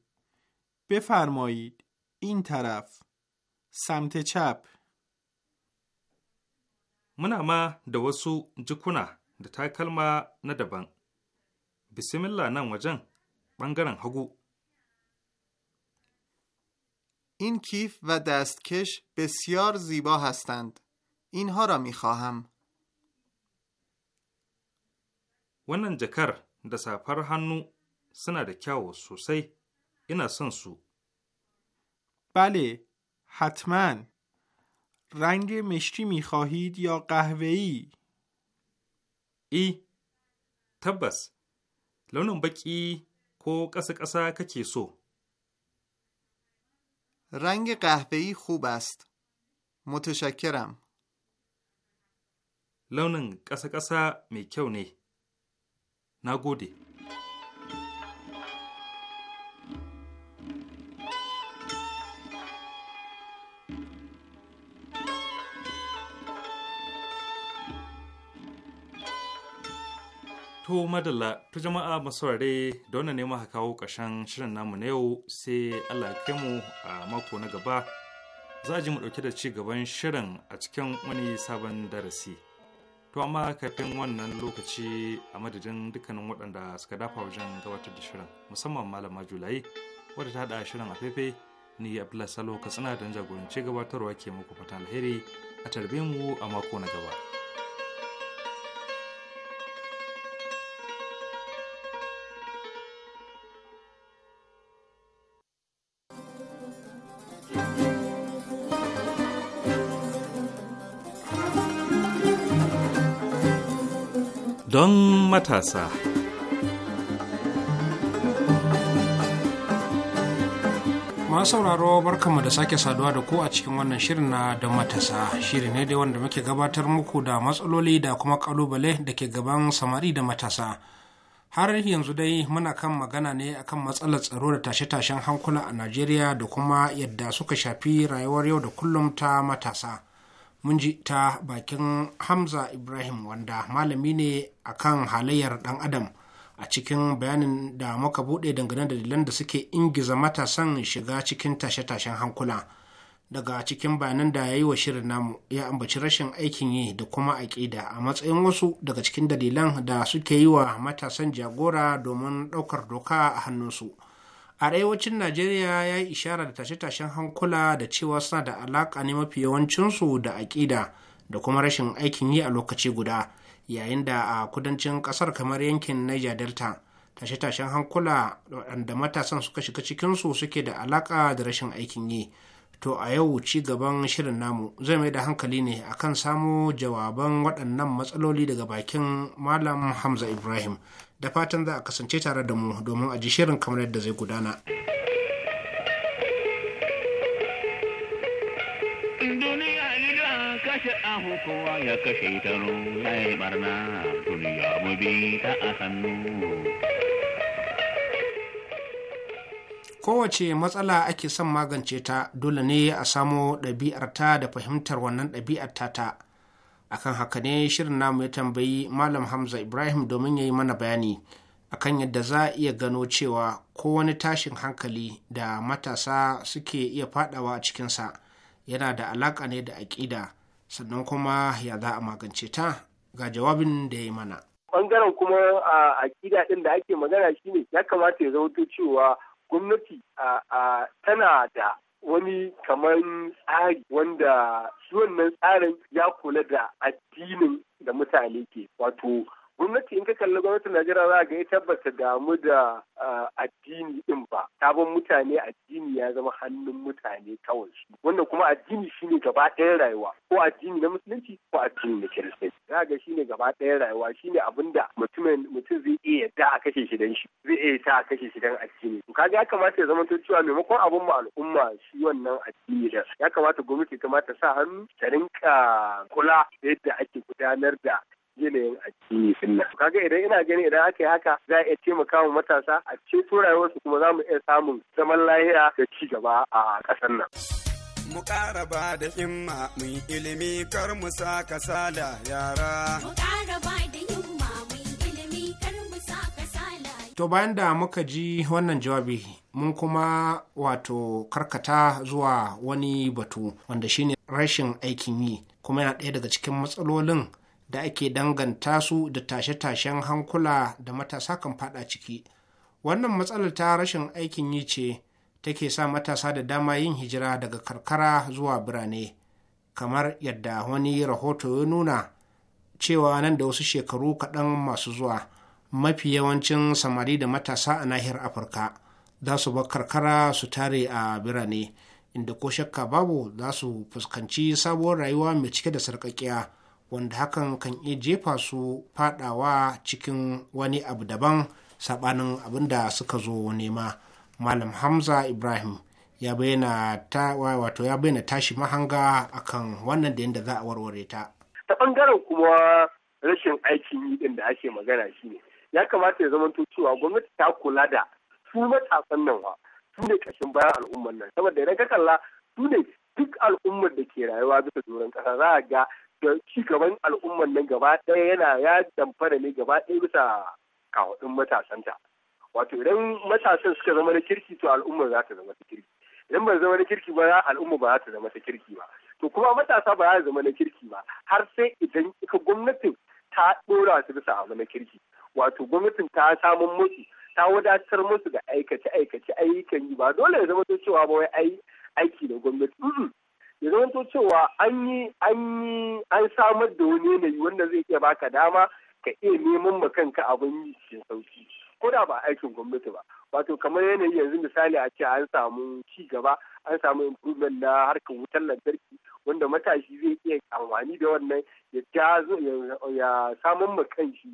Speaker 2: بفرمایید این طرف سمت چپ من اما دوسو جکونا ده تا کلما ندبان بسم الله نام وجن بانگران حقو
Speaker 6: این کیف و دستکش بسیار زیبا هستند
Speaker 2: اینها را می خواهم ونن جکر ده سا فرحنو سنا ده سوسی اینا سنسو. سو بله، حتما. رنگ مشتی میخواهید یا قهوه‌ای؟ ای، تبس. لونم بکی کو قس قسا ککی سو.
Speaker 6: رنگ قهوه‌ای خوب است. متشکرم.
Speaker 2: لونن قس قسا می نه. نگودی. To madalla to jama'a masaurare da ne muka kawo ƙarshen shirin namu na yau sai Allah ya mu a mako na gaba za ji mu ɗauke da ci gaban shirin a cikin wani sabon darasi. To amma kafin wannan lokaci a madadin dukkanin waɗanda suka dafa wajen gabatar da shirin musamman malama Julai wadda ta haɗa shirin a fefe ni Abdullahi Salo Katsina don jagoranci gabatarwa ke muku fatan alheri a tarbe mu a mako na gaba. matasa.
Speaker 5: masu sauraro barkanmu da sake saduwa da ku a cikin wannan shirin na da matasa shiri ne dai wanda muke gabatar muku da matsaloli da kuma kalubale da ke gaban samari da matasa har yanzu dai muna kan magana ne akan matsalar tsaro da tashe-tashen hankula a najeriya da kuma yadda suka shafi rayuwar yau da kullum ta matasa mun ji ta bakin hamza ibrahim wanda malami ne a kan halayyar dan adam a cikin bayanin da muka bude dangane da dalilan da suke ingiza matasan shiga cikin tashe-tashen hankula daga cikin bayanan da ya yi wa shirin namu ya ambaci rashin aikin yi da kuma aƙida a matsayin wasu daga cikin dalilan da suke yi wa matasan jagora domin ɗaukar doka a hannunsu. su A arewacin najeriya ya yi ishara da tashe-tashen hankula da cewa suna da alaƙa ne mafi yawancinsu da aƙida da kuma rashin aikin yi a lokaci guda yayin da a kudancin ƙasar kamar yankin niger delta tashe-tashen hankula waɗanda matasan suka shiga cikinsu suke da alaƙa da rashin aikin yi to a yau ci gaban shirin namu zai mai da hankali ne akan samo jawaban waɗannan matsaloli daga bakin malam hamza ibrahim da fatan za a kasance tare da mu domin a ji shirin kamar yadda zai gudana.
Speaker 8: Duniya
Speaker 5: Kowace matsala ake son magance ta dole ne a samo ɗabi'arta da fahimtar wannan ɗabi'ar ta. akan haka ne shirin namu ya tambayi malam hamza ibrahim domin ya yi mana bayani akan yadda za a iya gano cewa ko wani tashin hankali da matasa suke iya fadawa a cikinsa yana da alaƙa ne da aƙida sannan kuma ya za a magance ta ga jawabin da ya yi mana
Speaker 9: ɓangaren kuma a aƙida ɗin da ake magana shine ya kamata ya zama cewa gwamnati tana da wani kamar tsari wanda shi wannan tsarin ya kula da
Speaker 10: addinin
Speaker 9: da mutane ke wato gwamnati in ka kalli gwamnatin najeriya za ga ita ba ta damu da addini din ba sabon mutane addini ya zama hannun mutane kawai wanda kuma addini shine gaba ɗayan rayuwa ko addini na musulunci ko addini na kiristanci za ga shine gaba ɗayan rayuwa shine abin da mutumin mutum zai iya yadda a kashe shi dan shi zai iya ta a kashe shi dan addini to ga ya kamata ya zama cewa maimakon abin mu al'umma shi wannan addini da ya kamata gwamnati ta mata sa hannu ta rinka kula da yadda ake gudanar da yanayin addini din nan kaga idan ina gani idan aka yi haka za a iya taimaka wa matasa a cikin rayuwarsu kuma za mu iya samun zaman lahiya da ci gaba a ƙasar nan.
Speaker 11: Mu ƙara ba da himma mu yi ilimi kar
Speaker 5: mu sa kasala yara. To bayan da muka ji wannan jawabi mun kuma wato karkata zuwa wani batu wanda shine rashin aikin yi kuma yana ɗaya daga cikin matsalolin da ake danganta su da tashe-tashen hankula da matasa kan fada ciki wannan matsalar ta rashin aikin yi ce take sa matasa da dama yin hijira daga karkara zuwa birane kamar yadda wani rahoto ya nuna cewa nan da wasu shekaru kaɗan masu zuwa mafi yawancin samari da matasa a nahiyar afirka za su bar karkara su tare a birane inda ko shakka babu za su fuskanci sabuwar rayuwa mai cike da sarƙaƙiya wanda hakan kan iya jefa su fadawa cikin wani abu daban sabanin abin da suka zo nema malam hamza ibrahim ya bayyana ta wato ya bayyana tashi mahanga akan wannan da yadda za a warware ta
Speaker 9: ta bangaren kuma rashin aikin yi din da ake magana shi ne ya kamata ya zamanto cewa gwamnati ta kula da su matasan nan wa su ne kashin bayan al'ummar nan saboda idan ka kalla su ne duk al'ummar da ke rayuwa bisa doron kasa za a ga da ci gaban al'umman nan gaba ɗaya yana ya damfara ne gaba ɗaya bisa kawaɗin matasanta wato idan matasan suka zama na kirki to al'umma za ta zama ta kirki idan ba zama na kirki ba al'umma ba za ta zama ta kirki ba to kuma matasa ba za zama na kirki ba har sai idan ka gwamnatin ta ɗora su bisa abu na kirki wato gwamnatin ta samun musu ta wadatar musu ga aikace aikace ayyukan yi ba dole ya zama cewa ba wai aiki da gwamnati ya zama cewa an yi an yi an samar da wani yanayi wanda zai iya baka dama ka iya neman ma kanka abin yi cikin sauki ko da ba aikin gwamnati ba wato kamar yanayi yanzu misali a ce an samu ci gaba an samu improvement na harkar wutar lantarki wanda matashi zai iya amfani da wannan ya ya samun ma kanshi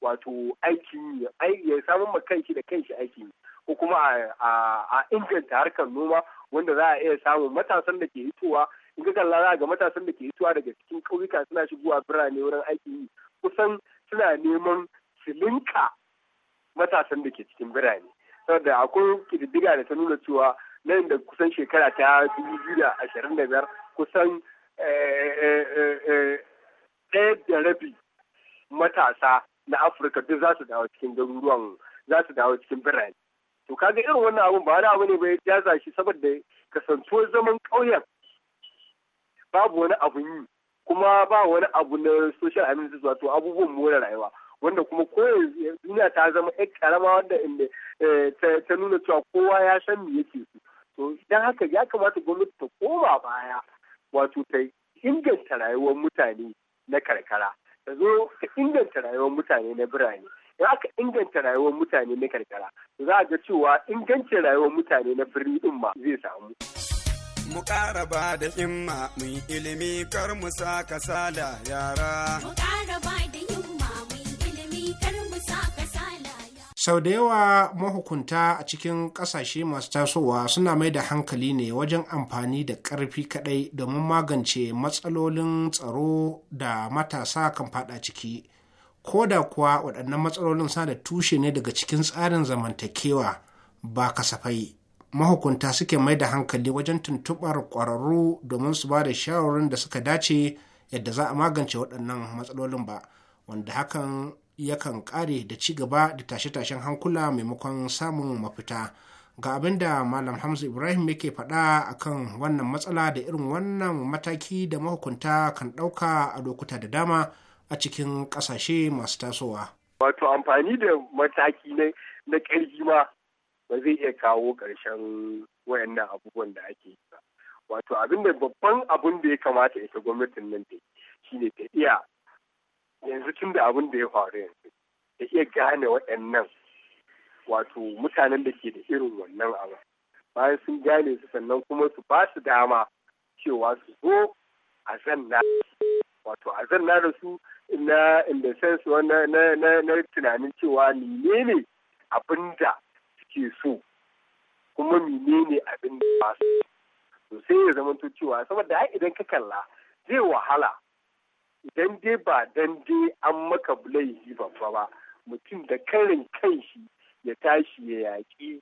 Speaker 9: wato aikin ya samun ma kanshi da kanshi aikin ko kuma a inganta harkar noma wanda za a iya samun matasan da ke hitowa in ka kalla za ga matasan da ke hitowa daga cikin ƙauyuka suna shigowa birane wurin aiki yi kusan suna neman silinka matasan da ke cikin birane saboda akwai kididdiga da ta nuna cewa nan da kusan shekara ta dubu biyu da ashirin da biyar kusan eh, eh, eh, ɗaya da rabi matasa na afirka duk za su dawo cikin garuruwan za su dawo cikin birane to kaga irin wannan abun ba wani abu ne ba ya jaza shi saboda kasantuwar zaman ƙauyen babu wani abun yi kuma ba wani abu na social amenities wato abubuwan more rayuwa wanda kuma ko duniya ta zama ƴan karama wanda inda eh, ta nuna cewa kowa ya san me yake so to idan haka ya kamata gwamnati ta koma baya wato ta inganta rayuwar mutane na karkara ta zo ta inganta rayuwar mutane na birane za ka inganta rayuwar mutane na karkara za a ga cewa ingancin rayuwar mutane na birni din ma zai samu.
Speaker 11: Mu ƙara ba da himma mu ilimi kar mu sa
Speaker 5: kasala yara. Mu
Speaker 12: ƙara ba da himma mu ilimi kar mu sa kasala
Speaker 5: yara. Sau da yawa mahukunta a cikin ƙasashe masu tasowa suna mai da hankali ne wajen amfani da ƙarfi kaɗai domin magance matsalolin tsaro da matasa kan faɗa ciki. ko da kuwa waɗannan matsalolin sada tushe ne daga cikin tsarin zamantakewa ba kasafai mahukunta suke mai da hankali wajen tuntuɓar ƙwararru domin su ba da shawarin da suka dace yadda za a magance waɗannan matsalolin ba wanda hakan yakan ƙare da ci gaba da tashe-tashen hankula maimakon samun mafita ga abin da malam hamza ibrahim yake faɗa akan wannan matsala da irin wannan mataki da mahukunta kan ɗauka a lokuta da dama a cikin ƙasashe masu tasowa.
Speaker 9: Wato amfani da mataki na ƙarfi ma ba zai iya kawo ƙarshen wayannan abubuwan da ake yi ba. Wato abin da babban abin da ya kamata ita gwamnatin nan da shi ne ta iya yanzu tun da abin da ya faru yanzu ta iya gane waɗannan wato mutanen da ke da irin wannan abu bayan sun gane su sannan kuma su ba su dama cewa su zo a zanna wato a zan da su na in the sense na tunanin cewa ne abin da suke so kuma menene abin da ba su to sai ya zama to cewa saboda ai idan ka kalla zai wahala idan dai ba dan dai an maka laifi babba ba mutum da karin kan shi ya tashi ya yaƙi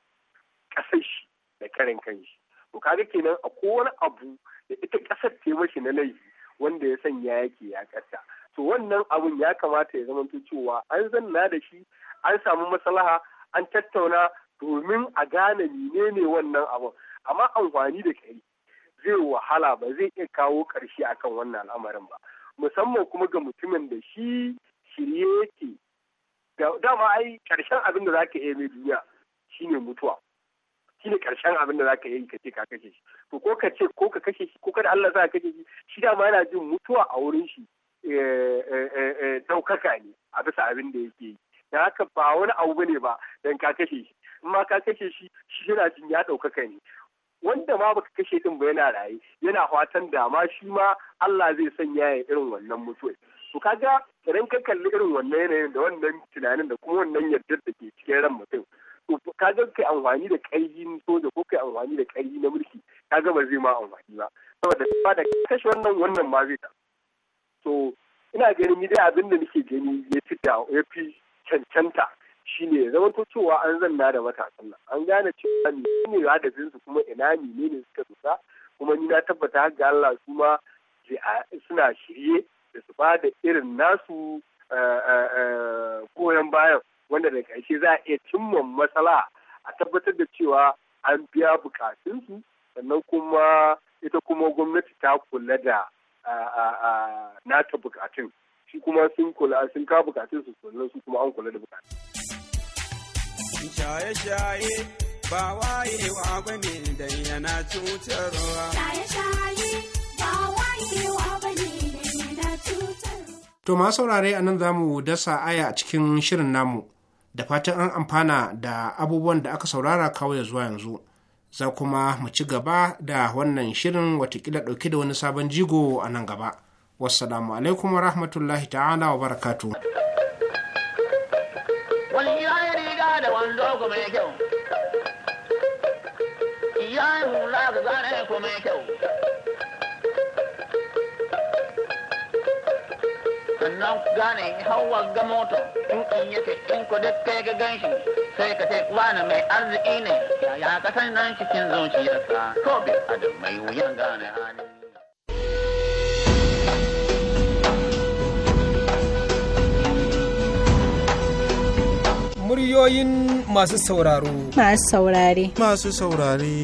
Speaker 9: ƙasar shi da karin kan kanshi ka kaga kenan a kowane abu da ita ƙasar ce mashi na laifi wanda ya sanya yake ya ƙasa to wannan abun ya kamata ya zama cewa an zanna da shi an samu maslaha an tattauna domin a gane menene wannan abun amma amfani da kai zai wahala ba zai iya kawo ƙarshe akan wannan al'amarin ba musamman kuma ga mutumin da shi shirye yake dama ai ƙarshen abin da zaka iya mai duniya shine mutuwa shi ne karshen abin da zaka yi ka ce ka kashe shi to ko ka ce ko ka kashe shi ko kada Allah za ka kashe shi shi dama yana jin mutuwa a wurin shi eh, eh, eh, ɗaukaka ne a bisa abin da yake yi da haka ba wani abu bane ba dan ka kashe shi in ma ka kashe shi shi yana jin ya daukaka ne wanda ma baka kashe din ba yana raye yana fatan da ma shi ma Allah zai sanya ya irin wannan mutuwa to kaga idan ka kalli irin wannan yanayin da wannan tunanin da kuma wannan yardar da ke cikin ran mutum ka ga kai amfani da ƙarfi soja ko kai amfani da ƙarfi na mulki ka ga ba zai ma amfani ba saboda ba da kashe wannan wannan ma zai ta so ina ganin ni dai abin da nake gani ya fi ya fi cancanta shine zama to cewa an zanna da matasan nan an gane cewa ne ne da su kuma ina ne ne suka dosa kuma ni na tabbata haga ga Allah su ma suna shirye da su ba da irin nasu eh, eh, eh, goyon bayan wanda daga ƙarshe za a iya cimma matsala a tabbatar da cewa an biya bukatunsu sannan kuma ita kuma gwamnati ta kula da nata bukatun shi kuma sun kula sun ka bukatun su sannan su kuma an kula da bukatun.
Speaker 11: Shaye-shaye ba wayewa ba ne dan yana cutarwa.
Speaker 10: Shaye-shaye ba wayewa ba ne dan yana cutarwa.
Speaker 5: To ma saurare a nan za mu dasa aya a cikin shirin namu. da fatan an amfana da abubuwan da aka saurara kawo ya zuwa yanzu za kuma mu ci gaba da wannan shirin watakila ɗauke da wani sabon jigo a nan gaba wassalamu alaikum wa rahmatullahi ta'ala wa barakatu.
Speaker 13: sannan ku gane hawa ga moto tukan yake in ko da kai ga ganshi sai ka ce wani mai arziki ne yaya ka san nan cikin
Speaker 10: zuciyarsa ko bi adam mai wuyan gane hali
Speaker 1: Muryoyin masu sauraro. Masu saurare. Masu saurare.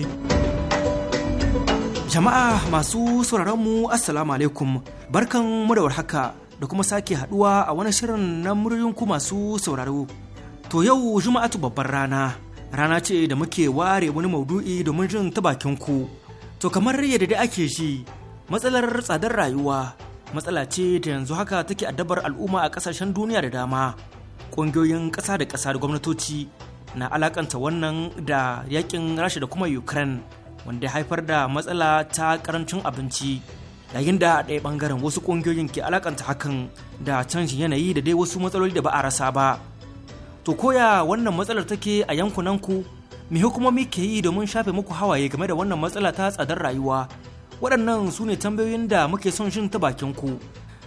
Speaker 1: Jama'a masu sauraron mu Assalamu alaikum. Barkan mu da warhaka. da kuma sake haduwa a wani shirin na muryoyin masu sauraro. To yau Juma'atu babbar rana, rana ce da muke ware wani maudu'i domin jin ta bakin ku. To kamar yadda da ake shi, matsalar tsadar rayuwa matsala ce da yanzu haka take addabar al'umma a kasashen duniya da dama. Ƙungiyoyin ƙasa da ƙasa da gwamnatoci na alakanta wannan da yakin rashi da kuma Ukraine wanda haifar da matsala ta ƙarancin abinci. yayin da ɗaya ɓangaren wasu ƙungiyoyin ke alakanta hakan da canjin yanayi da dai wasu matsaloli da ba a rasa ba to koya wannan matsalar take a yankunan ku me hukumomi ke yi domin shafe muku hawaye game da wannan matsala ta tsadar rayuwa waɗannan su ne tambayoyin da muke son shin ta bakin ku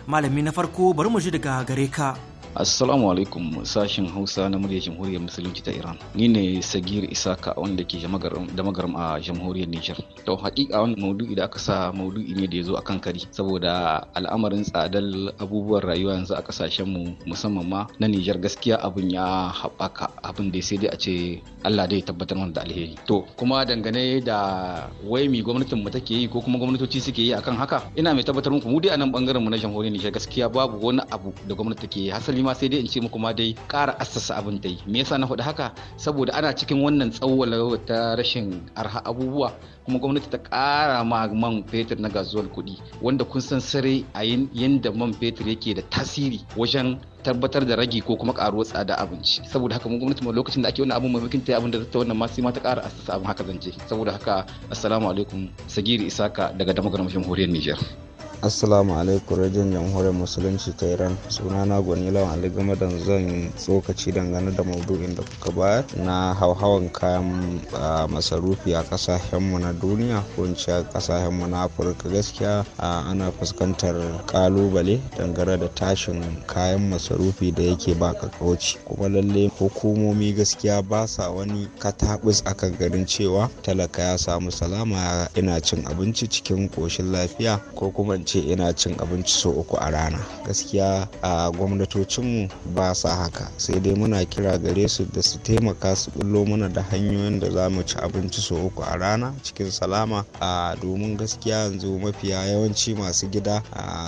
Speaker 1: malami na farko bari mu ji daga gare ka
Speaker 14: Assalamu alaikum sashen Hausa na muryar Jamhuriyar Musulunci ta Iran. Ni ne Sagir Isaka wanda ke da magaram a Jamhuriyar Nijar. To hakika wannan maudu'i da aka sa maudu'i ne da ya zo a kan kari saboda al'amarin tsadar abubuwan rayuwa yanzu a kasashen mu musamman ma na Nijar gaskiya abin ya haɓaka abin da sai dai a ce Allah dai tabbatar mana da alheri. To kuma dangane da wai mi gwamnatin mu take yi ko kuma gwamnatoci suke yi akan haka ina mai tabbatar muku mu dai a nan bangaren mu na Jamhuriyar Nijar gaskiya babu wani abu da gwamnati take yi hasali hankali ma sai dai in ce muku ma dai ƙara assasa abin da me yasa na faɗi haka saboda ana cikin wannan tsawwala ta rashin arha abubuwa kuma gwamnati ta ƙara ma man fetur na gazuwar kuɗi wanda kun san sare a yadda man fetur yake da tasiri wajen tabbatar da ragi ko kuma ƙaruwar tsada abinci saboda haka mun gwamnati mu lokacin da ake wannan abun mamakin ta abin da ta wannan ma sai ma ta ƙara assasa abin haka zance saboda haka assalamu alaikum sagiri isaka daga damagaram jamhuriyar Nijar.
Speaker 11: assalamu alaikum rajin jamhuriyar musulunci ta iran suna na gwani lawan ali game da zan tsokaci dangane da maudu'in da kuka bayar na hauhawan kayan masarufi a kasashenmu na duniya ko in ce kasashenmu na afirka gaskiya ana fuskantar kalubale dangane da tashin kayan masarufi da yake ba kakauci kuma lalle hukumomi gaskiya ba sa wani katabus akan garin cewa talaka ya samu salama ina cin abinci cikin koshin lafiya ko kuma ce ina cin abinci sau uku a rana gaskiya a gwamnatocinmu ba sa haka sai dai muna kira gare su da su taimaka su bullo mana da hanyoyin da za mu ci abinci sau uku a rana cikin salama a domin gaskiya yanzu mafiya yawanci masu gida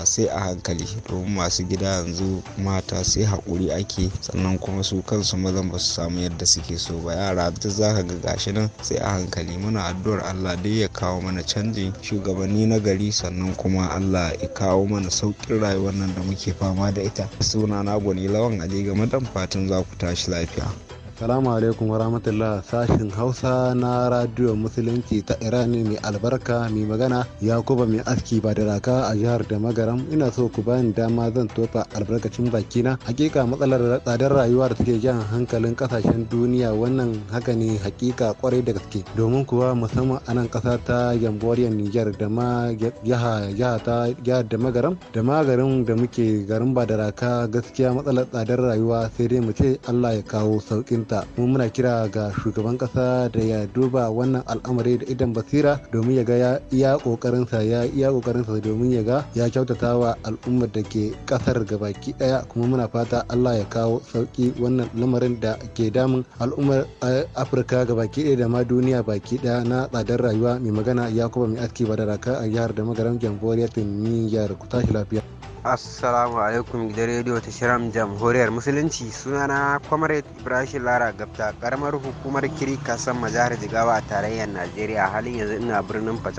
Speaker 11: sai a hankali domin masu gida yanzu mata sai haƙuri ake sannan kuma su kansu mazan ba su samu yadda suke so ba yara duk za ka ga gashi nan sai a hankali muna addu'ar allah dai ya kawo mana canji, shugabanni na gari sannan kuma allah Allah ya kawo mana sauƙin rayuwar nan da muke fama da ita. Suna na gwani lawan Ali game da fatan za ku tashi lafiya.
Speaker 15: Salamu alaikum wa rahmatullah sashin Hausa na radio Musulunci ta Iran mai albarka mai magana Yakuba mai aski ba da raka a jihar da magaram ina so ku bani dama zan tofa albarkacin bakina hakika matsalar tsadar rayuwa da take jan hankalin kasashen duniya wannan haka ne hakika kwarai da gaske domin kuwa musamman a nan kasa ta jamhuriyar Niger da ma jiha ta jihar da magaram da magarin da muke garin ba da raka gaskiya matsalar tsadar rayuwa sai dai mu ce Allah ya kawo saukin ta mu muna kira ga shugaban kasa da ya duba wannan al'amari da idan basira domin ya ga ya iya kokarin sa ya iya kokarin sa domin ya ga ya kyautata wa al'ummar da ke kasar gabaki daya kuma muna fata Allah ya kawo sauki wannan lamarin da ke damun al'ummar eh, Afirka gabaki daya da ma duniya baki daya na tsadar rayuwa mai magana Yakuba mai aski ba da raka a jihar da magaran jamhuriyar Niger ku tashi lafiya
Speaker 12: Assalamu alaikum gidan rediyo ta shiram jamhuriyar musulunci sunana Comrade Ibrahim Lara Zara gabta karamar hukumar kiri kasan majahar Jigawa a tarayyar Najeriya halin yanzu ina birnin Port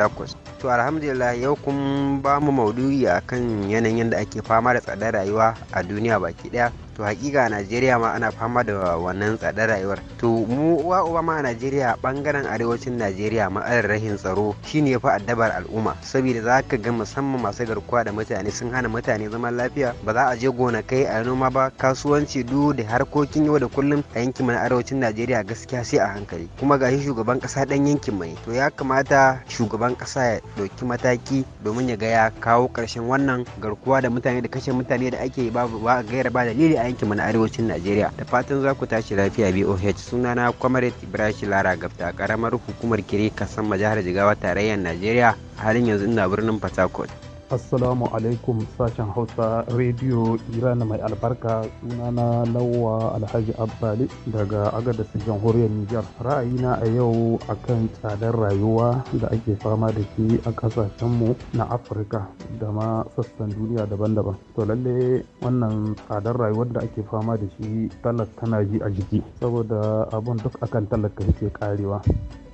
Speaker 12: To alhamdulillah yau kun ba mu maudu'i akan yanayin da ake fama da tsadar rayuwa a duniya baki daya to hakika a najeriya ma ana fama da wannan tsadar rayuwar to mu uwa uba ma a najeriya bangaren arewacin najeriya ma'anar rahin tsaro shine fa addabar al'umma saboda za ka ga musamman masu garkuwa da mutane sun hana mutane zaman lafiya ba za a je gonakai a noma ba kasuwanci du da harkokin yau da kullum a yankin mai arewacin najeriya gaskiya sai a hankali kuma ga shi shugaban kasa dan yankin mai to ya kamata shugaban kasa ya dauki mataki domin ya ga ya kawo karshen wannan garkuwa da mutane da kashe mutane da ake ba gaira ba dalili a mu na arewacin Najeriya. Da fatan za ku tashi lafiya BOH sunana Comrade Ibrahim Lara Gafta karamar hukumar Kire Kasan Jihar Jigawa tarayyar Najeriya. Halin yanzu ina birnin Port Harcourt.
Speaker 16: Assalamu alaikum sashen Hausa Radio Iran mai albarka sunana Lawa Alhaji Abbali daga Agadis Jamhuriyar Nijar. Ra'ayina a yau akan tsadar rayuwa da ake fama da shi a kasashenmu na Afirka da ma sassan duniya daban-daban. To lalle wannan tsadar rayuwar da ake fama da shi talaka tana ji a jiki saboda abun duk akan talaka yake karewa.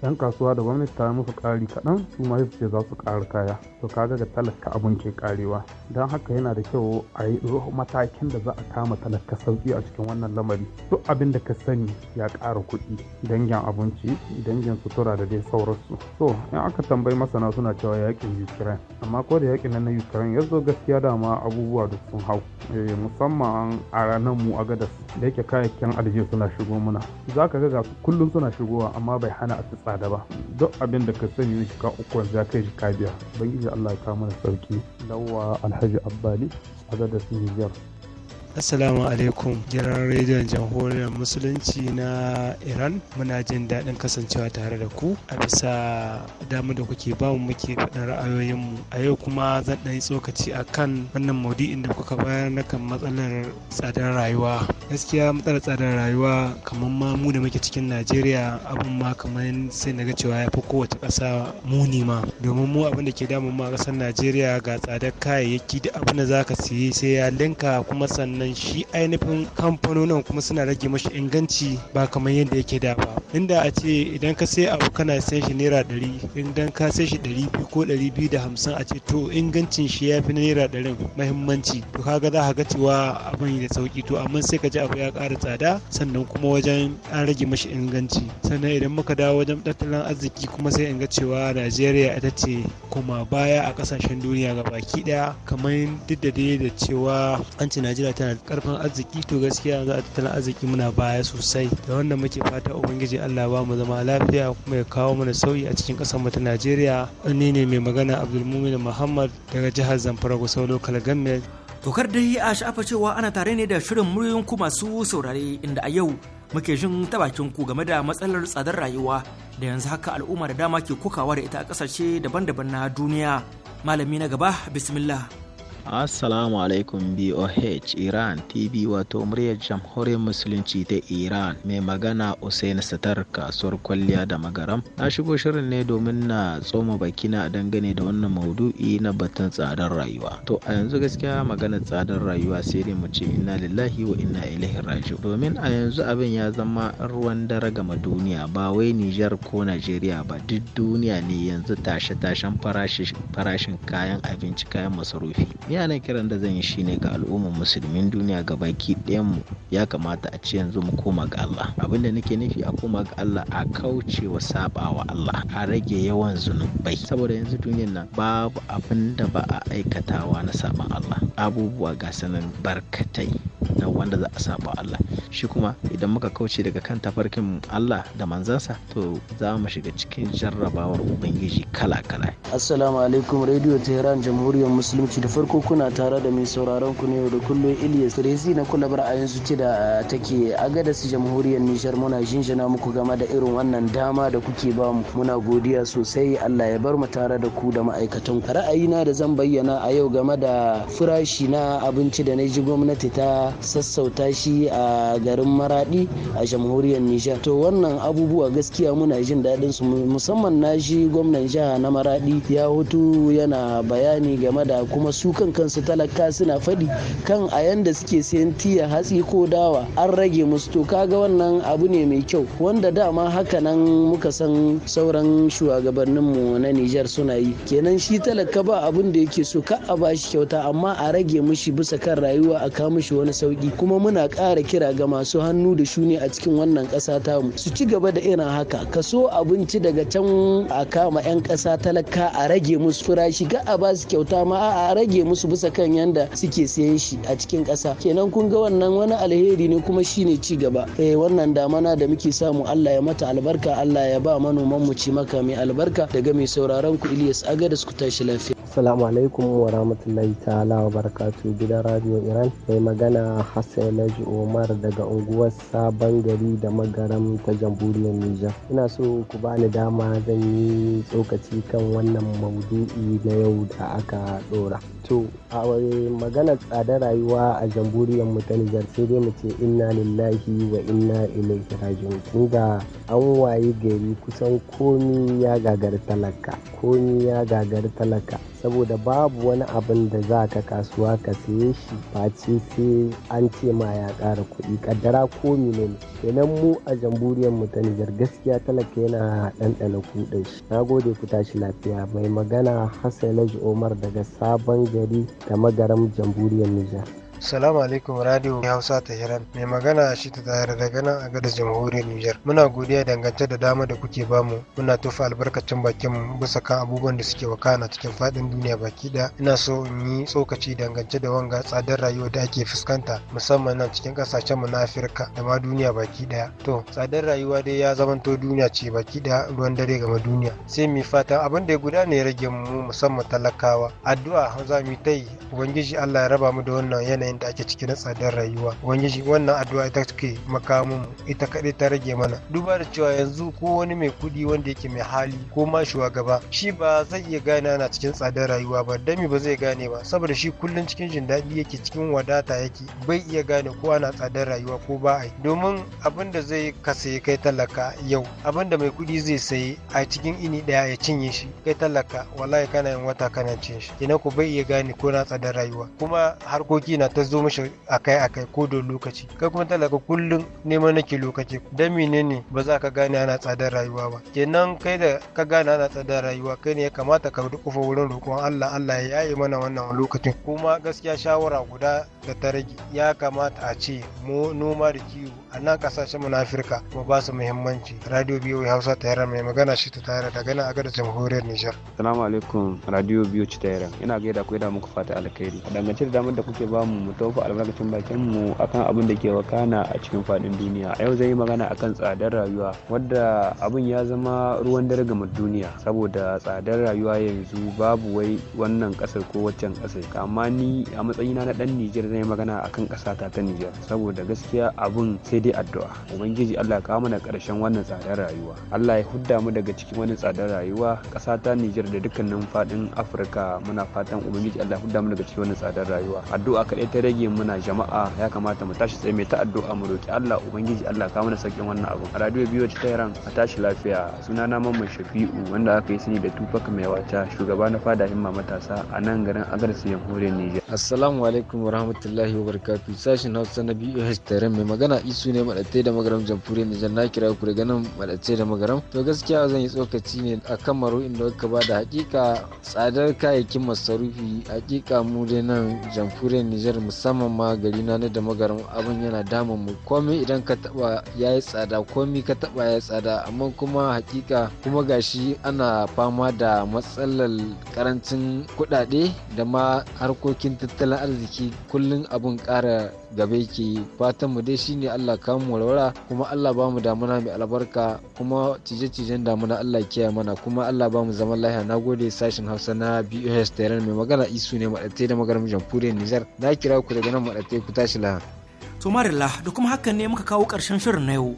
Speaker 16: 'yan kasuwa da gwamnati ta musu ƙari kaɗan su ma ce za su ƙara kaya to kaga ga talaka abun ke ƙarewa don haka yana da kyau a yi matakin da za a kama talaka sauki a cikin wannan lamari duk abin da ka sani ya ƙara kuɗi dangin abinci dangin sutura da dai sauransu to in aka tambayi masana suna cewa yakin ukraine amma ko da yakin nan na ukraine ya zo gaskiya ma abubuwa da sun hau eh, musamman a ranar mu a gadas da yake kayayyakin aljihu suna shigo muna za ka ga kullum suna shigowa amma bai hana a tsada ba duk abin da ka sani na shika uku za kai shika biya bangiji Allah ya kawo mana sauki lawa alhaji abbali a sun nijar
Speaker 17: Assalamu alaikum gidan rediyon jamhuriyar musulunci na Iran muna jin daɗin kasancewa tare da ku a bisa damar da kuke ba mu muke faɗin ra'ayoyinmu a yau kuma zan ɗan yi tsokaci a kan wannan maudu'in da kuka bayar na kan matsalar tsadar rayuwa gaskiya matsalar tsadar rayuwa kamar ma mu da muke cikin Najeriya abun ma kamar sai na ga cewa ya fi kowace ƙasa muni ma domin mu abin da ke damun mu a ƙasar Najeriya ga tsadar kayayyaki da abin da za ka siye sai ya linka kuma sannan sannan shi ainihin kamfanonin kuma suna rage mashi inganci ba kamar yadda yake da ba inda a ce idan ka sai abu kana sayan shi naira ɗari idan ka sai shi ɗari biyu ko ɗari biyu da hamsin a ce to ingancin shi ya fi naira ɗarin mahimmanci to kaga za ka ga cewa abin da sauki to amma sai ka ji abu ya ƙara tsada sannan kuma wajen an rage mashi inganci sannan idan muka dawo wajen tattalin arziki kuma sai in ga cewa najeriya ita ce kuma baya a ƙasashen duniya ga baki ɗaya kamar duk da dai da cewa an ce najeriya tana karfin arziki to gaskiya yanzu a tattalin arziki muna baya sosai da wanda muke fata ubangiji Allah ba mu zama lafiya kuma ya kawo mana sauyi a cikin kasar mu ta Najeriya ni ne mai magana abdul Mumin Muhammad daga jihar Zamfara Gusau Local Government
Speaker 1: kar dai a sha'afa cewa ana tare ne da shirin muryoyin ku masu saurare inda a yau muke jin ta ku game da matsalar tsadar rayuwa da yanzu haka al'umma da dama ke kokawa da ita a kasashe daban-daban na duniya. Malami na gaba, bismillah.
Speaker 18: Assalamu alaikum BOH Iran TV wato muryar jamhuriyar musulunci ta Iran mai magana Usaini Satar kasuwar kwalliya da magaram. Na shigo shirin ne domin na tsoma bakina dangane da wannan maudu'i na batun tsadar rayuwa. To a yanzu gaskiya maganar tsadar rayuwa sai dai mu ce inna lillahi wa inna ilaihi Domin a yanzu abin ya zama ruwan dare gama duniya ba wai Nijar ko Najeriya ba duk duniya ne yanzu tashe-tashen farashin kayan abinci kayan masarufi. yana kiran da zan yi shi ne ga al'ummar musulmin duniya ga baki mu ya kamata a ce yanzu mu koma ga Allah da nake nufi a koma ga Allah a kauce wa sabawa Allah a rage yawan zunubai saboda yanzu duniyar nan babu abin da ba a aikatawa na saban Allah abubuwa ga sanan barkatai na wanda za a saba Allah shi kuma idan muka kauce daga kan tafarkin Allah da manzansa to za mu shiga cikin jarrabawar ubangiji kala kala
Speaker 13: assalamu alaikum radio tehran jamhuriyar musulunci da farko kuna tare da mai sauraron ku ne da kullum Ilyas Resi na kulabar a yanzu ce da take gada su jamhuriyar Nijar muna shinshina muku game da irin wannan dama da kuke ba mu muna godiya sosai Allah ya bar mu tare da ku da ma'aikatan ku ra'ayina da zan bayyana a yau game da farashi na abinci da na ji gwamnati ta sassauta shi a garin Maradi a jamhuriyar Nijar to wannan abubuwa gaskiya muna jin daɗin su musamman na shi gwamnan jiha na Maradi ya hutu yana bayani game da kuma su sun kansu talaka suna faɗi kan a yanda suke sayan tiya hatsi ko dawa an rage musu to kaga wannan abu ne mai kyau wanda dama haka nan muka san sauran shugabanninmu na Nijar suna yi kenan shi talaka ba abin da yake so ka a bashi kyauta amma a rage mishi bisa kan rayuwa a kawo mishi wani sauki kuma muna ƙara kira ga masu hannu da shuni a cikin wannan ƙasa tamu su ci gaba da irin haka kaso abinci daga can a kama 'yan ƙasa talaka a rage musu farashi ga a ba kyauta ma a rage musu su bisa kan yanda suke siyan shi a cikin ƙasa kenan kun ga wannan wani alheri ne kuma shine ci gaba eh wannan damana da muke samu Allah ya mata albarka Allah ya ba manoman mu ci maka mai albarka daga mai sauraron ku Ilyas su ku tashi lafiya
Speaker 19: Assalamu alaikum wa rahmatullahi ta'ala wa barakatu gidan Radio Iran mai magana Hassan umar Omar daga unguwar Sabon Gari da Magaram ta Jamhuriyar Nijar ina so ku bani dama zan yi tsokaci kan wannan maudu'i na yau da aka dora to a maganar tsada rayuwa a jamhuriyar mu ta Nijar sai dai mu ce inna lillahi wa inna ilaihi raji'un kun ga an wayi gari kusan komi ya gagari talaka komi ya gagari talaka saboda babu wani abin da za ka kasuwa ka saye shi face sai an ce ma ya ƙara kuɗi kaddara ko ne kenan mu a jamhuriyar mu ta Nijar gaskiya talaka yana ɗanɗana kuɗin shi na gode ku tashi lafiya mai magana Hassan Laji Omar daga sabon gari da magaram jamhuriyar Nijar.
Speaker 20: Salamu alaikum radio Hausa ta hiran mai magana shi ta tayar daga nan a gadar jamhuriyar Nijar. Muna godiya dangance da dama da kuke bamu muna tufa albarkacin bakin mu bisa kan abubuwan da suke wakana cikin fadin duniya baki da ina so in yi tsokaci dangance da wanga tsadar rayuwa da ake fuskanta musamman nan cikin kasashen mu na Afirka da ma duniya baki daya. To tsadar rayuwa dai ya zamanto duniya ce baki ɗaya ruwan dare game duniya. Sai mu fata abin da ya gudana ya rage mu musamman talakawa. Addu'a za mu yi ta yi Ubangiji Allah ya raba mu da wannan yanayi yanayin da ake ciki na tsadar rayuwa ubangiji wannan addu'a ita take makamin ita kaɗai ta rage mana duba da cewa yanzu ko wani mai kuɗi wanda yake mai hali ko ma shugaba shi ba zai iya gane ana cikin tsadar rayuwa ba dami ba zai gane ba saboda shi kullun cikin jin daɗi yake cikin wadata yake bai iya gane ko ana tsadar rayuwa ko ba a domin abin da zai ka sayi kai talaka yau abin da mai kuɗi zai sayi a cikin ini ɗaya ya cinye shi kai talaka wallahi kana yin wata kana cin shi ina ku bai iya gane ko na tsadar rayuwa kuma harkoki na ta zo mishi akai akai ko da lokaci kai kuma talaka kullum neman nake lokaci dan menene ba za ka gane ana tsadar rayuwa ba kenan kai da ka gane ana tsadar rayuwa kai ne ya kamata ka rukufa wurin roƙon Allah Allah ya yaye mana wannan lokacin kuma gaskiya shawara guda da ta rage ya kamata a ce mu noma da kiwo a nan kasashen mu na Afirka mu ba su muhimmanci radio biyu Hausa yara mai magana shi ta tare da nan agar jamhuriyar Nijar
Speaker 12: Assalamu alaikum radio biyu ci yara ina gaida ku da muku fata alkhairi dangance da damar da kuke bamu. mu tofa albarkacin bakin mu akan abin da ke wakana a cikin fadin duniya yau zai yi magana akan tsadar rayuwa wadda abin ya zama ruwan dare ga duniya saboda tsadar rayuwa yanzu babu wai wannan kasar ko waccan kasar amma ni a matsayina na dan Nijar zai magana akan kasa ta Nijar saboda gaskiya abin sai dai addu'a ubangiji Allah kawo mana ƙarshen wannan tsadar rayuwa Allah ya hudda mu daga cikin wani tsadar rayuwa ƙasata Nijar da dukkanin fadin Afirka muna fatan ubangiji Allah ya hudda mu daga cikin wani tsadar rayuwa addu'a kaɗai ta ta rage muna jama'a ya kamata mu tashi tsaye mai ta addu'a mu roki Allah ubangiji Allah ka mana sauƙin wannan abu a radio biyu ta Tehran a tashi lafiya suna na Mamman Shafi'u wanda aka yi sani da Tupac mai wata shugaba na fada himma matasa a nan garin Agadez Yankure Niger Assalamu alaikum wa rahmatullahi wa wabarakatuh sashin Hausa na BOH Tehran mai magana isu ne madatai da magaram jamhuriyar Niger
Speaker 20: na kira ku daga nan madatai da magaram to gaskiya zan yi tsokaci ne a akan maro inda kuka ba da hakika tsadar kayayyakin masarufi hakika mu dai nan jamhuriyar Niger musamman ma gari na da magaran abin yana damun mu komai idan ka taba ya yi tsada komai ka taba ya yi tsada amma kuma hakika kuma gashi ana fama da matsalar karancin kuɗaɗe da ma harkokin tattalin arziki kullum abin kara gaba yake yi fatan mu dai shine Allah ka mu warwara kuma Allah ba mu damuna mai albarka kuma cije-cijen damuna Allah kiyaye mana kuma Allah ba mu zaman lafiya nagode sashin Hausa na BOS Tehran mai magana isu ne madatte da magaram jamhuriyar Nijar na kira ku
Speaker 12: daga nan madatte ku tashi lahan
Speaker 1: to marilla da kuma hakan ne muka kawo karshen shirin na yau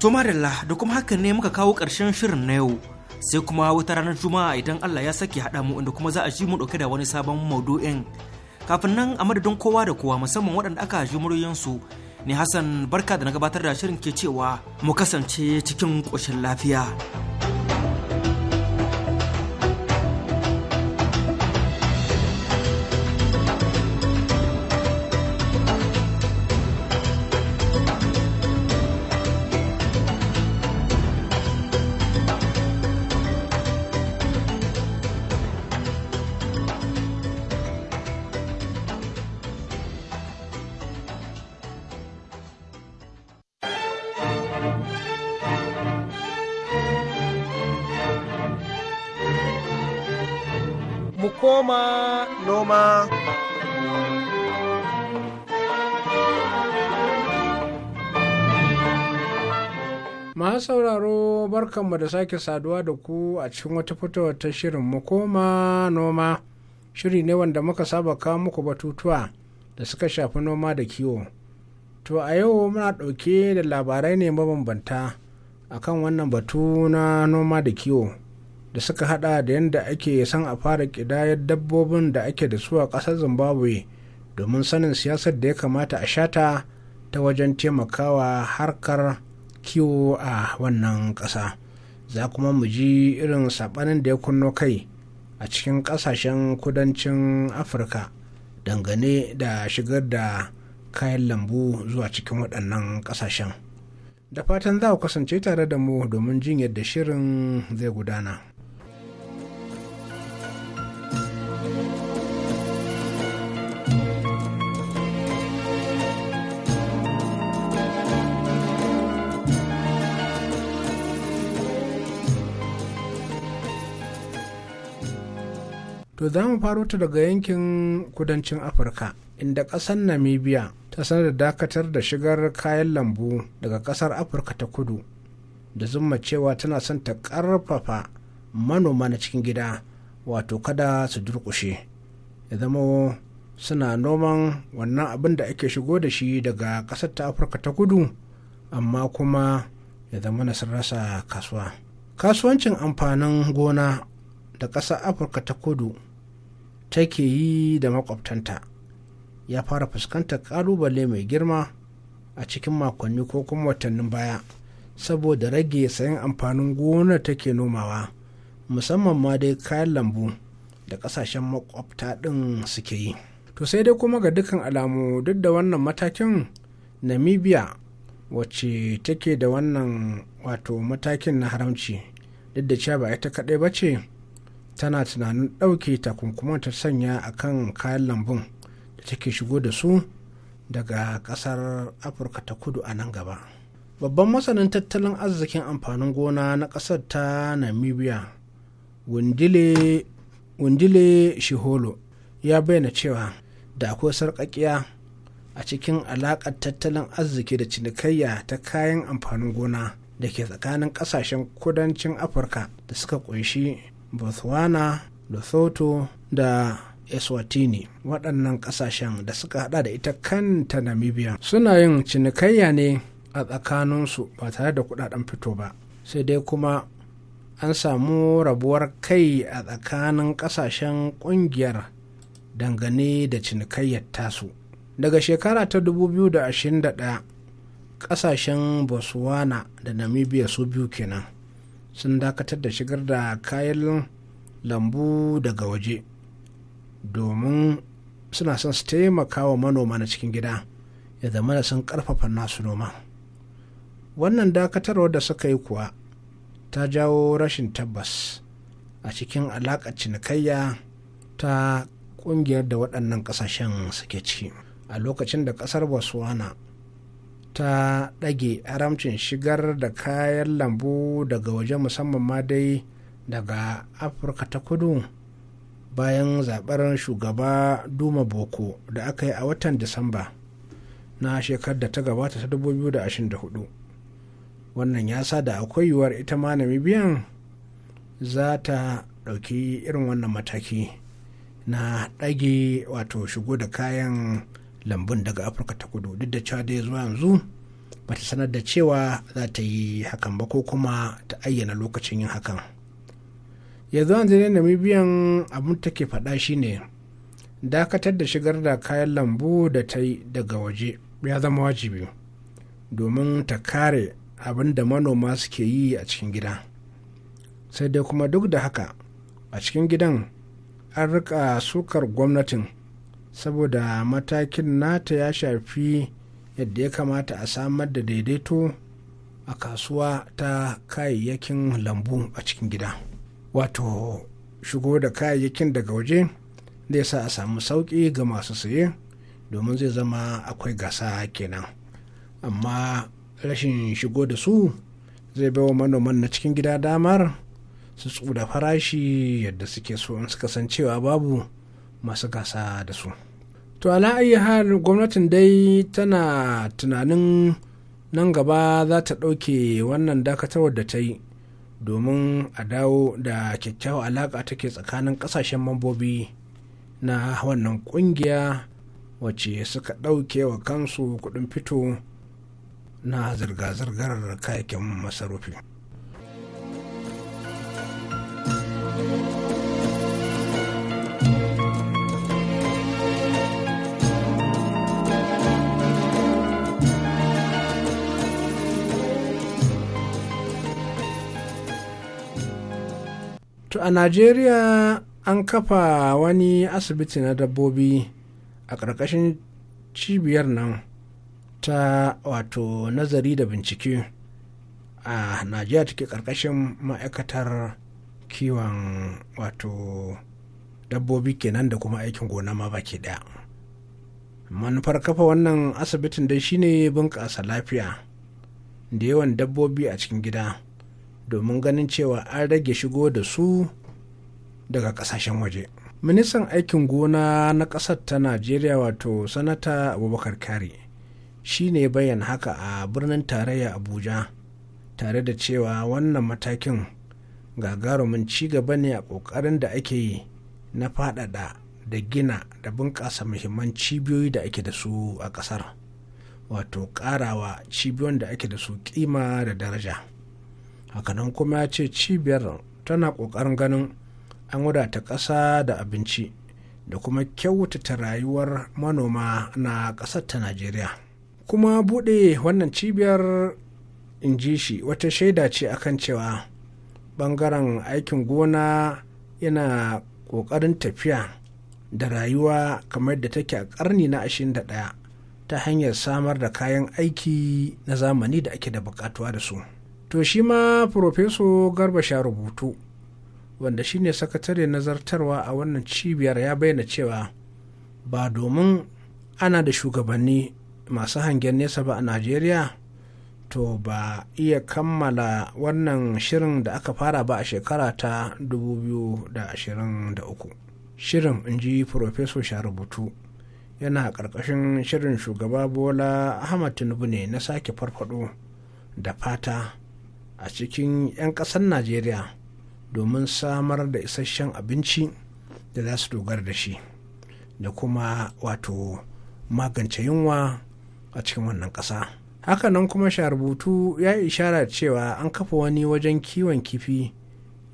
Speaker 1: to marilla da kuma hakan ne muka kawo karshen shirin na yau sai kuma wata ranar juma'a idan Allah ya saki haɗa mu inda kuma za a ji mu dauke da wani sabon maudu'in kafin nan a madadin kowa da kowa musamman waɗanda aka ji muryoyinsu ne Hassan barka da na gabatar da shirin ke cewa mu kasance cikin ƙoshin lafiya.
Speaker 20: mu koma noma.
Speaker 5: Masu sauraro barkanmu da sake saduwa da ku a cikin wata fitowar ta shirin mu koma noma. Shiri ne wanda muka saba kawo muku batutuwa da suka shafi noma da kiwo. To a yau muna ɗauke da labarai ne mabambanta akan wannan batu na noma da kiwo. da suka hada da yadda ake san a fara kidayar dabbobin da ake da su a ƙasar zimbabwe domin sanin siyasar da ya kamata a shata ta wajen taimakawa harkar kiwo a wannan ƙasa za kuma mu ji irin saɓanin da ya kunno kai a cikin ƙasashen kudancin afirka dangane da shigar da kayan lambu zuwa cikin waɗannan ƙasashen da fatan za ku kasance tare da mu domin jin yadda shirin zai gudana To za mu faro ta daga yankin kudancin Afirka, inda ƙasar Namibia ta sanar da dakatar da shigar kayan lambu daga ƙasar Afirka ta kudu, da zuma cewa tana son ta ƙarfafa manoma na cikin gida, wato kada su durƙushe. Ya zama suna noman wannan abin da ake shigo da shi daga ƙasar ta Afirka ta kudu, amma kuma ya zama sun rasa kasuwa. Kasuwancin amfanin gona da ƙasar Afirka ta kudu take yi da makwabtanta ya fara fuskantar kalubale mai girma a cikin makonni ko kuma watannin baya saboda rage sayan amfanin gona take nomawa musamman ma dai kayan lambu da kasashen makwabta ɗin suke yi to sai dai kuma ga dukkan alamu duk da wannan matakin namibia wacce take da wannan wato matakin na haramci duk da cewa ba ita kaɗai ba ce tana tunanin ɗauke takunkuman ta sanya a kan kayan lambun da take shigo da su daga ƙasar afirka ta kudu a nan gaba babban masanin tattalin arzikin amfanin gona na ƙasar ta namibia wundile, wundile shiholo ya bayyana cewa da akwai sarƙaƙiya a cikin alaƙar tattalin arziki da cinikayya ta kayan amfanin gona da ke tsakanin ƙasashen kudancin afirka da suka ƙunshi botswana lesotho da eswatini waɗannan ƙasashen da suka haɗa da ita kanta namibia suna yin cinikayya ne a tsakaninsu ba tare da kuɗaɗen fito ba sai dai kuma an samu rabuwar kai a tsakanin ƙasashen ƙungiyar dangane da cinikayyar tasu daga shekara ta 2021 ƙasashen botswana da namibia su biyu kenan sun dakatar da shigar da kayan lambu daga waje domin suna son su taimaka wa manoma na cikin gida ya zama da sun karfafa nasu noma wannan dakatarwar da suka yi kuwa ta jawo rashin tabbas a cikin alaƙa cinikayya ta ƙungiyar da waɗannan ƙasashen suke ciki a lokacin da ƙasar botswana ta ɗage haramcin shigar da kayan lambu daga waje musamman ma dai daga afirka ta kudu bayan zaɓar shugaba duma boko da aka yi a watan disamba na shekar da ta gabata ta 2024 wannan ya sa da akwai yiwuwar ita ma namibiyan za ta ɗauki irin wannan mataki na ɗage wato shigo da kayan lambun daga afirka ta kudu duk da cewa dai zuwa yanzu ba ta sanar da cewa za ta yi hakan ba ko kuma ta ayyana lokacin yin hakan yanzu an zai namibiyan abin take faɗa shine dakatar da shigar da kayan lambu da ta yi daga waje ya zama wajibi domin ta kare abin da manoma suke yi a cikin gida sai dai kuma duk da haka a cikin gidan an rika sukar gwamnatin saboda matakin nata ya shafi yadda ya kamata a samar da daidaito a kasuwa ta kayayyakin lambu a cikin gida wato shigo da kayayyakin daga waje zai sa a samu sauƙi ga masu saye domin zai zama akwai gasa kenan amma rashin shigo da su zai baiwa manoman na cikin gida damar su tsuda farashi yadda suke so in suka san cewa babu masu gasa da su. to ala har gwamnatin dai tana tunanin nan gaba za ta ɗauke wannan dakatarwar da ta yi domin a dawo da kyakkyawar alaƙa take tsakanin ƙasashen mambobi na wannan ƙungiya wacce suka ɗauke wa kansu kuɗin fito na zirga-zirgar kayakin masarufi. to a najeriya an kafa wani asibiti na dabbobi a ƙarƙashin cibiyar nan ta wato nazari da bincike a najeriya take ƙarƙashin ma'aikatar kiwon wato dabbobi kenan da kuma aikin gona ma baki ɗaya manufar kafa wannan asibitin dai shine bunƙasa lafiya da yawan dabbobi a cikin gida domin ganin cewa an rage shigo da su daga kasashen waje ministan aikin gona na ƙasar ta najeriya wato sanata abubakar Kari shi ne bayan haka a birnin tarayya abuja tare da cewa wannan matakin gagarumin ci gaba ne a ƙoƙarin da ake yi na faɗaɗa da gina da bunƙasa muhimman cibiyoyi da ake da su a ƙasar wato ƙarawa cibiyoyin da ake da su ƙima da daraja. hakanan kuma ya ce cibiyar tana kokarin ganin an wadata kasa da abinci da kuma kyautata rayuwar manoma na ƙasar ta najeriya kuma buɗe wannan cibiyar in ji shi wata shaida ce akan cewa bangaren aikin gona yana ƙoƙarin tafiya da rayuwa kamar da take a ƙarni na 21 ta hanyar samar da kayan aiki na zamani da ake da bukatuwa da su. to shi ma profeso garba sha rubutu wanda shi shine sakatare zartarwa a wannan cibiyar ya bayyana cewa ba domin ana da shugabanni masu hangen nesa ba a najeriya to ba iya kammala wannan shirin da aka fara ba a shekara ta 2023 shirin in ji profeso rubutu yana ƙarƙashin shirin shugaba bola ahmad tinubu ne na sake farfado da fata a cikin 'yan ƙasar najeriya domin samar da isasshen abinci da za su dogara da shi da kuma wato magance yunwa a cikin wannan ƙasa hakanan kuma sharubutu ya yi ishara cewa an kafa wani wajen kiwon kifi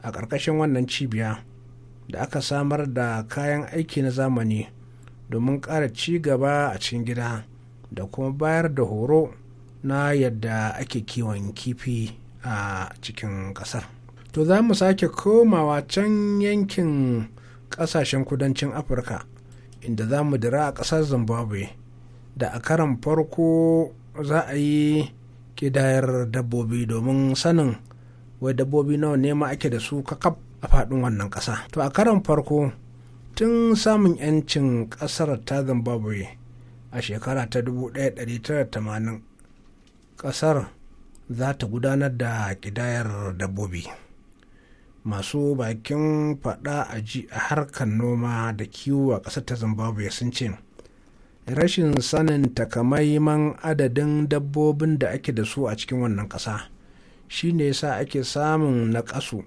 Speaker 5: a ƙarƙashin wannan cibiya da aka samar da kayan aiki na zamani domin ƙara ci gaba a cikin gida da kuma bayar da horo na yadda ake kiwon kifi a cikin ƙasar to za mu sake komawa can yankin ƙasashen kudancin afirka inda za mu dira a ƙasar zimbabwe da a karan farko za a yi kidayar dabbobi domin sanin wai dabbobi nawa ne ma ake da su kakaf a faɗin wannan ƙasa to a karan farko tun samun 'yancin ƙasar ta zimbabwe a shekara ta 1980 ƙasar za ta gudanar da ƙidayar dabbobi masu bakin fada a ji a harkar noma da kiwo a ƙasar ta zimbabwe sun ce rashin sanin takamaiman adadin dabbobin da ake da su a cikin wannan ƙasa shi ne sa ake samun na naƙasu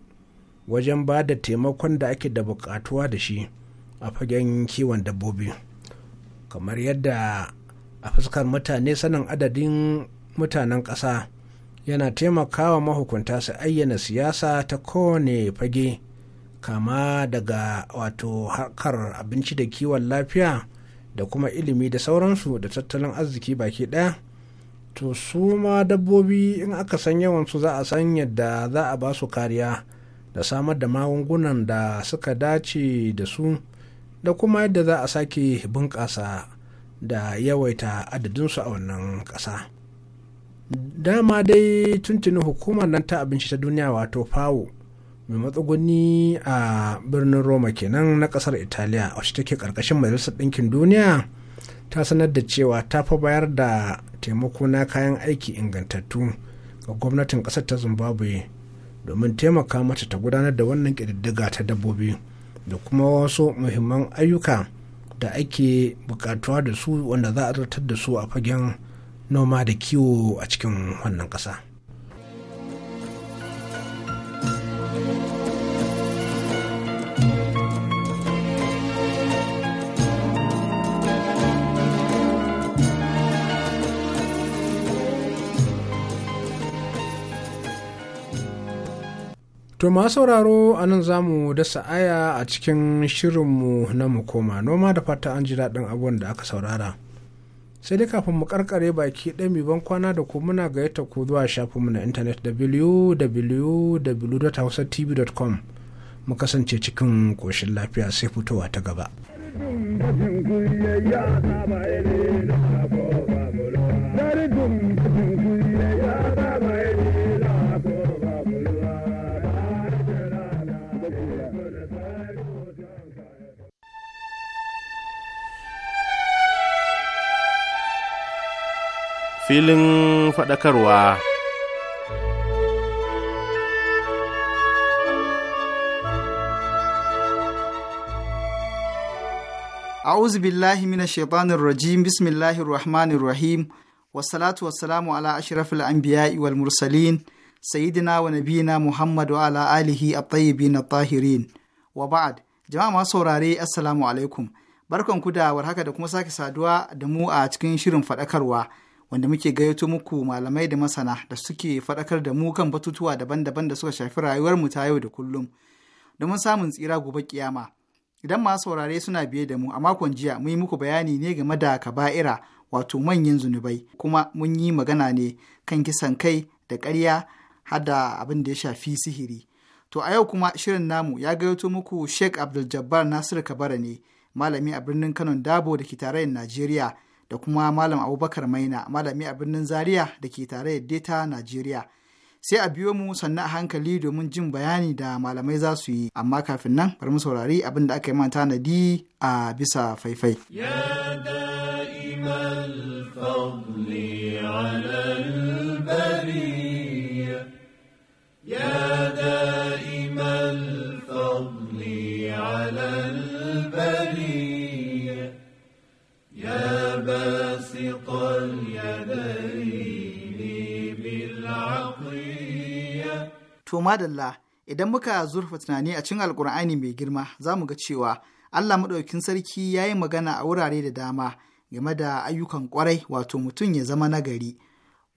Speaker 5: wajen ba da taimakon da ake da buƙatuwa da shi a fagen kiwon dabbobi kamar yadda a fuskar mutane sanin adadin mutanen ƙasa yana taimakawa mahukunta su ayyana siyasa ta kowane fage kama daga wato harkar abinci da kiwon lafiya da kuma ilimi da sauransu da tattalin arziki baki ɗaya to su ma dabbobi in aka san yawansu za a san yadda za a ba su kariya da samar da magungunan da suka dace da su da kuma yadda za a sake bunƙasa da yawaita adadinsu a wannan ƙasa. dama dai tuntuni hukumar nan ta abinci ta duniya wato fawo mai matsuguni a birnin roma kenan na kasar italiya wacce take karkashin majalisar ɗinkin duniya ta sanar da cewa ta fa bayar da taimako na kayan aiki ingantattu ga gwamnatin kasar ta zimbabwe domin taimaka mata ta gudanar da wannan kididdiga ta dabbobi da kuma wasu muhimman ayyuka da ake bukatuwa da su wanda za a zartar da su a fagen noma da kiwo a cikin wannan ƙasa. To masu sauraro a nan za mu dasa aya a cikin shirinmu na mu koma noma da fata an ji daɗin abuwan da aka saurara. sai dai kafin mu karkare baki ɗaya mai ban kwana da ko muna gayyata ko zuwa shafinmu na intanet www.hausatv.com mu kasance cikin koshin lafiya sai fitowa ta gaba. Dari filin faɗakarwa.
Speaker 3: A'udhu billahi mina shaitanir rajim bismillahir rahmanir rahim wassalatu wassalamu ala ashrafil anbiya'i wal mursalin sayyidina wa nabiyina Muhammad wa ala alihi at-tayyibin at-tahirin wa ba'ad jama'a masu saurare assalamu alaikum barkanku da warhaka da kuma sake saduwa da mu a cikin shirin faɗakarwa. wanda muke gayyato muku malamai da masana da suke faɗakar da mu kan batutuwa daban-daban da suka shafi rayuwar mu ta yau da kullum domin samun tsira gobe kiyama idan masu saurare suna biye da mu a makon jiya mun yi muku bayani ne game da kaba'ira wato manyan zunubai kuma mun yi magana ne kan kisan kai da ƙarya har da abin da ya shafi sihiri to a yau kuma shirin namu ya gayyato muku sheikh abdul jabbar nasiru kabara ne malami a birnin Kano Dabo da ke tarayyar Najeriya da kuma Malam Abubakar Maina malami a birnin Zaria da ke tare da Deta Najeriya. Sai a biyo mu sannan a hankali domin jin bayani da malamai za su yi, amma kafin nan bari mu saurari abin da aka yi manta na di a bisa faifai.
Speaker 10: Ya da'imal
Speaker 6: باسط
Speaker 17: اليدين بالعطية
Speaker 3: To الله idan muka zurfa tunani a cikin alkur'ani mai girma za mu ga cewa Allah maɗaukin sarki ya yi magana a wurare da dama game da ayyukan kwarai wato mutum ya zama nagari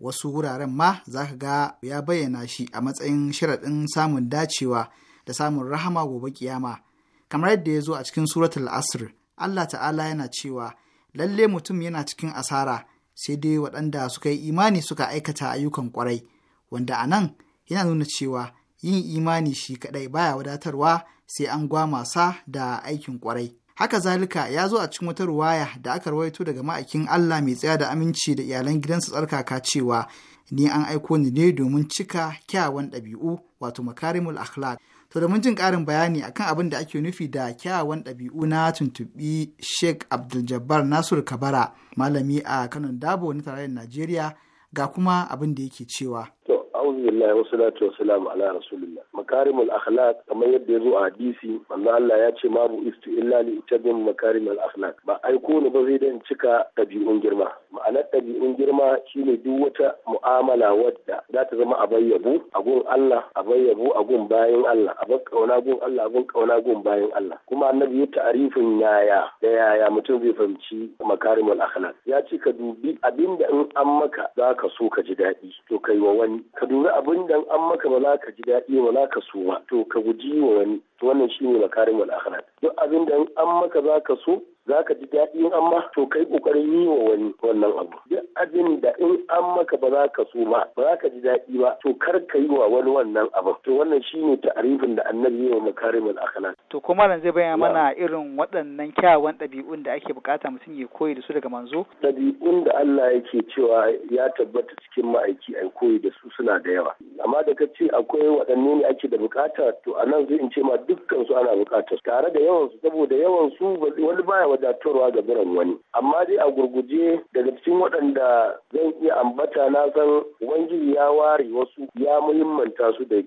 Speaker 3: wasu wuraren ma za ka ga ya bayyana shi a matsayin sharaɗin samun dacewa da samun rahama gobe kiyama kamar yadda ya zo a cikin suratul asr Allah ta'ala yana cewa lalle mutum yana cikin asara sai dai waɗanda suka yi imani suka aikata ayyukan kwarai wanda a nan yana nuna cewa yin imani shi kaɗai baya wadatarwa sai an gwama sa da aikin kwarai haka zalika ya zo a cikin wata ruwaya da aka rawaito daga ma'aikin Allah mai tsaya da aminci da iyalan gidansa tsarkaka cewa ni an aiko ni ne domin cika kyawan ɗabi'u wato makarimul akhlaq To da mun jin ƙarin bayani akan abin da ake nufi da kyawawan ɗabi'u na tuntuɓi Sheikh Abdul Jabbar Nasiru Kabara, malami a Kano Dabo na tarayyar Najeriya ga kuma abin da yake cewa.
Speaker 9: To أعوذ بالله والصلاة والسلام على رسول الله مكارم الأخلاق كما يبدو يزو حديثي أن الله يأتي ما بئست إلا لأتمم مكارم الأخلاق ba aiko ni ba zai dan cika ɗabi'un girma ma'anar ɗabi'un girma shine duk wata mu'amala wadda za ta zama abar yabo a gun Allah abar yabo a bayan Allah abar kauna gun Allah abun kauna gun bayan Allah kuma annabi ya ta'arifin yaya da yaya mutum zai fahimci makarimul akhlaq ya ce ka dubi abinda in an maka za ka so ka ji daɗi to kai wa wani ka dubi abin da an maka ba ka ji daɗi ba za ka so ba to ka guji wa wani wannan makarin makarimul akhlaq duk abin da an maka za ka so za ka ji daɗi in an ma to kai ƙoƙarin yi wa wani wannan abu duk abin da in an maka ba za ka so ba ba za ka ji daɗi ba to kar ka yi wa wani wannan abu to wannan shine ta'arifin da annabi ya wa makarimul akhlaq
Speaker 3: to kuma nan zai bayyana mana irin waɗannan kyawawan ɗabi'un da ake bukata mutum ya koyi da su daga manzo ɗabi'un
Speaker 9: da Allah yake cewa ya tabbata cikin ma'aiki ai koyi da su suna da yawa amma da ka ce akwai waɗanne ne ake da bukata to a nan zai in ce ma dukkan su ana bukata tare da yawan su saboda yawan su wani baya wadatarwa ga biran wani amma dai a gurguje daga cikin waɗanda zan iya ambata na san ubangiji ya ware wasu ya muhimmanta su da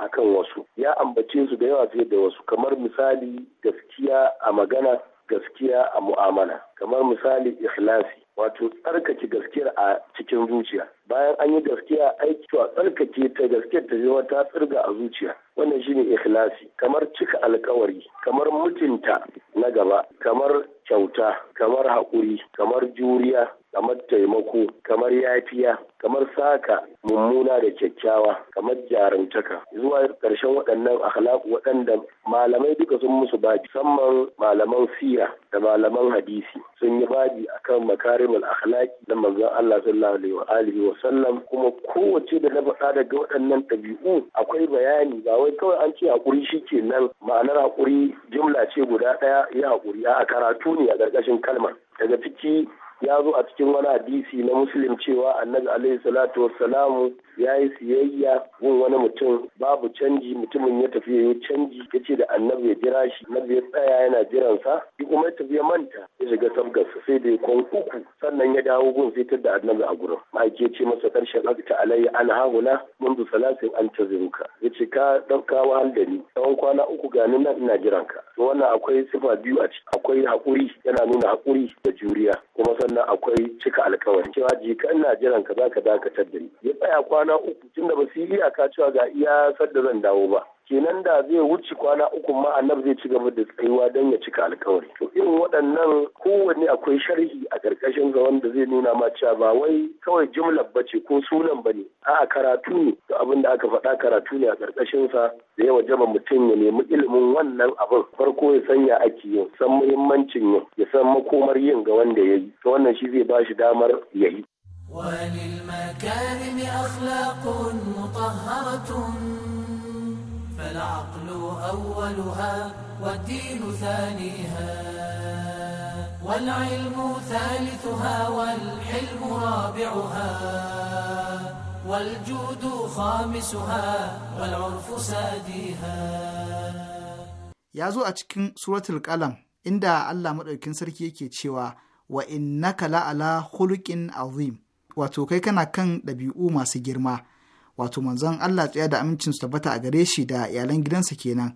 Speaker 9: akan wasu ya ambace su da yawa sai da wasu kamar misali gaskiya a magana gaskiya a mu'amala kamar misali ikhlasi wato tsarkake gaskiyar a cikin zuciya bayan an yi gaskiya aiki to a tsarkake ta gaskiyar ta zama ta tsirga a zuciya wannan shine ikhlasi kamar cika alkawari kamar mutunta na gaba kamar kyauta kamar haƙuri kamar juriya kamar taimako kamar yafiya kamar saka mummuna da kyakkyawa kamar jarumtaka zuwa ƙarshen waɗannan akhlaku waɗanda malamai duka sun musu baji musamman malaman siya da malaman hadisi sun yi a akan makarimul akhlaki da manzon Allah sallallahu alaihi wa wa sallam kuma kowace da na faɗa daga waɗannan ɗabi'u akwai bayani ba wai kawai an ce hakuri nan ma'anar hakuri jumla ce guda ɗaya ya hakuri a karatu ne a ƙarƙashin kalmar daga ciki ya zo a cikin wani hadisi na musulun cewa annabi alaihi salatu wassalamu ya yi siyayya gun wani mutum babu canji mutumin ya tafi ya yi canji ya ce da annabi ya jira shi annabi ya tsaya yana jiransa shi kuma ya tafi ya manta ya shiga sabgarsa sai da ya kwan uku sannan ya dawo gun sai ta da annabi a gurin ma'aiki ya ce masa karshen akta alayya an Mun mundu salatin an zinuka. ya ce ka ɗauka wahal da ni tsawon kwana uku gani nan ina jiranka wannan akwai sifa biyu a ciki akwai haƙuri yana nuna haƙuri da juriya kuma sannan akwai cika alkawari cewa na ina jiranka za ka dakatar da ni ya tsaya kwana kwana uku tunda ba su yi iyaka cewa ga iya sadda zan dawo ba kenan da zai wuce kwana uku ma annabi zai ci gaba da tsayuwa don ya cika alkawari to irin waɗannan kowanne akwai sharhi a ƙarƙashin sa wanda zai nuna ma cewa ba wai kawai jimlar ce ko sunan bane a'a karatu ne to abin da aka faɗa karatu ne a ƙarƙashin sa da yawa jama mutum ya nemi ilimin wannan abin farko ya sanya ake yin san muhimmancin yin ya san makomar yin ga wanda ya yi to wannan shi zai ba shi damar ya yi
Speaker 8: وللمكارم أخلاق
Speaker 13: مطهرة فالعقل أولها والدين ثانيها والعلم ثالثها والحلم رابعها والجود خامسها والعرف ساديها
Speaker 3: يازو zo سورة القلم إن دا inda Allah maɗaukin sarki yake cewa wa innaka la'ala wato kai kana kan ɗabi'u masu girma wato manzon Allah tsaya da amincin su tabbata a gare shi da iyalan gidansa kenan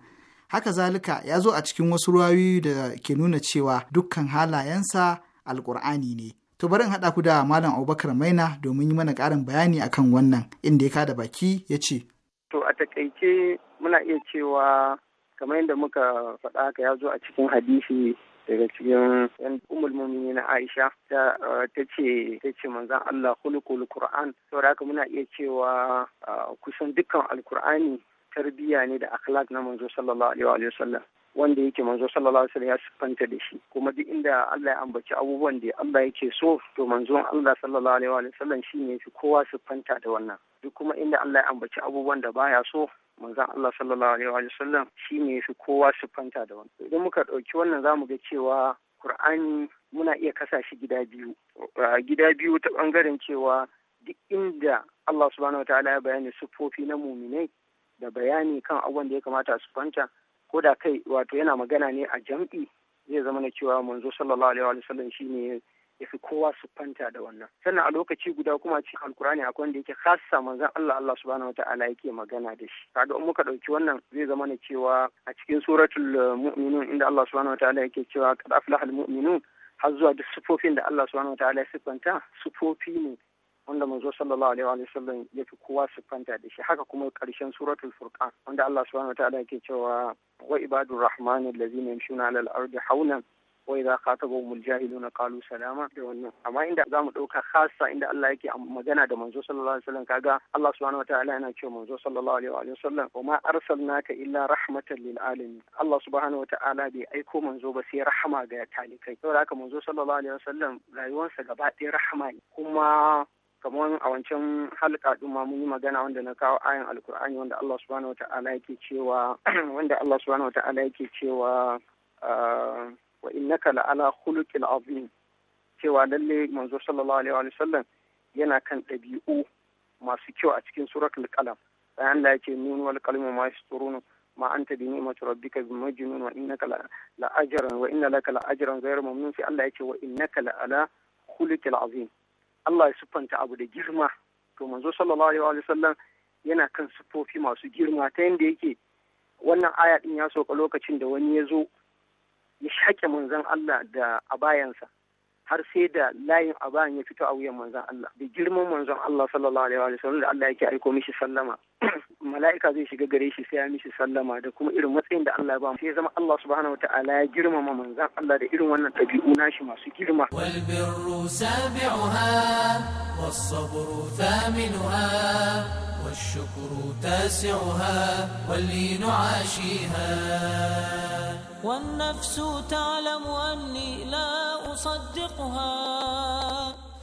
Speaker 3: haka zalika ya zo a cikin wasu ruwayoyi da ke nuna cewa dukkan halayensa Alƙur'ani ne to bari in haɗa ku da malam abubakar maina domin yi mana ƙarin bayani akan wannan inda ya kada baki ya
Speaker 21: ce to a takaice muna iya cewa kamar yadda muka faɗa haka ya zo a cikin hadisi daga cikin yan umul na Aisha eh, ta ce ta ce manzan Allah khuluqul Qur'an saboda haka muna iya cewa eh, kusan dukkan alkur'ani tarbiyya ne da akhlaq na manzo sallallahu alaihi wa sallam wanda yake manzo sallallahu alaihi wasallam ya siffanta da shi kuma duk inda Allah ya ambaci abubuwan da Allah yake so to manzo Allah sallallahu alaihi sallam shine yafi kowa siffanta da wannan duk kuma inda Allah ya ambaci abubuwan da baya so manzon Allah sallallahu alaihi wa sallam shine su kowa su fanta da wani. idan muka ɗauki wannan za mu ga cewa kur'ani muna iya kasa shi gida biyu gida biyu ta bangaren cewa duk inda Allah subhanahu ta'ala ya bayani siffofi na muminai da bayani kan abubuwan da ya kamata su fanta ko da kai wato yana magana ne a jam'i zai zama na cewa manzo sallallahu alaihi wa sallam shi ne. ya fi kowa fanta da wannan sannan a lokaci guda kuma a cikin alkurani akwai wanda yake khassa manzon Allah Allah subhanahu wataala yake magana da shi kaga in muka dauki wannan zai zama na cewa a cikin suratul uh, mu'minun inda Allah subhanahu wataala yake cewa qad aflaha muminun har zuwa duk sufofin da Allah subhanahu wataala ya siffanta sufofi ne wanda manzo sallallahu alaihi wa sallam ya fi kowa siffanta da shi haka kuma karshen suratul furqan wanda Allah subhanahu wataala yake cewa wa ibadur rahman allazina yamshuna alal ardi hawlan za wa idza khatabahum aljahiluna qalu salama da wannan amma inda zamu ɗauka khassa inda Allah yake magana da manzo sallallahu alaihi wasallam kaga Allah subhanahu wataala yana cewa manzo sallallahu alaihi wa sallam. wa ma arsalnaka illa rahmatan lil alamin Allah subhanahu wataala bai aiko manzo ba sai rahama ga talikai saboda haka manzo sallallahu alaihi wasallam rayuwarsa gaba ɗaya rahama ne kuma kamar a wancan halka din ma mun yi magana wanda na kawo ayan alkur'ani wanda Allah subhanahu wataala yake cewa wanda Allah subhanahu wataala yake cewa ah, wa innaka la'ala khuluqin azim cewa lalle manzo sallallahu alaihi wa sallam yana kan ɗabi'u masu kyau a cikin suratul qalam bayan Allah yake nun wal qalami ma yasturun ma anta bi ni'mati rabbika bi majnun wa innaka la ajran wa inna laka la ajran ghayr mamnun fi. Allah yake wa innaka la ala khuluqil azim Allah ya siffanta abu da girma to manzo sallallahu alaihi wa sallam yana kan siffofi masu girma ta yanda yake wannan aya din ya soka lokacin da wani ya zo ya shake manzon Allah da abayansa har sai da layin abayan ya fito a wuyan manzon Allah da girman manzon Allah sallallahu alaihi wa sallam da Allah yake aiko mishi sallama mala'ika zai shiga gare shi sai ya mishi sallama da kuma irin matsayin da Allah ya ba mu sai zama Allah subhanahu wataala ya girmama manzon Allah da irin wannan tabi'u nashi masu girma wal birru
Speaker 10: sabi'uha
Speaker 13: was sabru thaminuha والشكر تاسعها واللين عاشيها والنفس تعلم أني لا أصدقها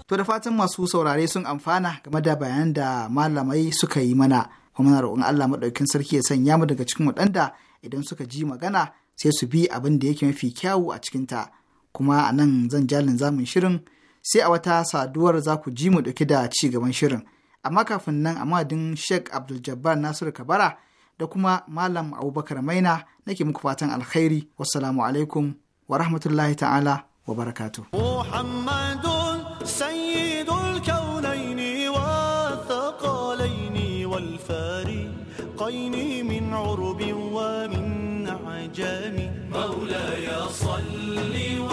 Speaker 3: To da fatan masu saurare sun amfana game da bayan da malamai suka yi mana, kuma na roƙon Allah maɗaukin sarki ya sanya mu daga cikin waɗanda idan suka ji magana sai su bi abin da yake mafi kyawu a cikinta. Kuma a nan zan jalin zamun shirin sai a wata saduwar za ku ji mu ɗauki da ci gaban shirin. Amma kafin nan a madin Sheikh Abdul Jabbar Nasiru Kabara da kuma Malam Abubakar Maina nake muku fatan alkhairi. Wassalamu alaikum wa rahmatullahi ta'ala wa barakatu.
Speaker 8: Muhammadun sayyidul kaunaini wa thaqalaini wal fariqaini min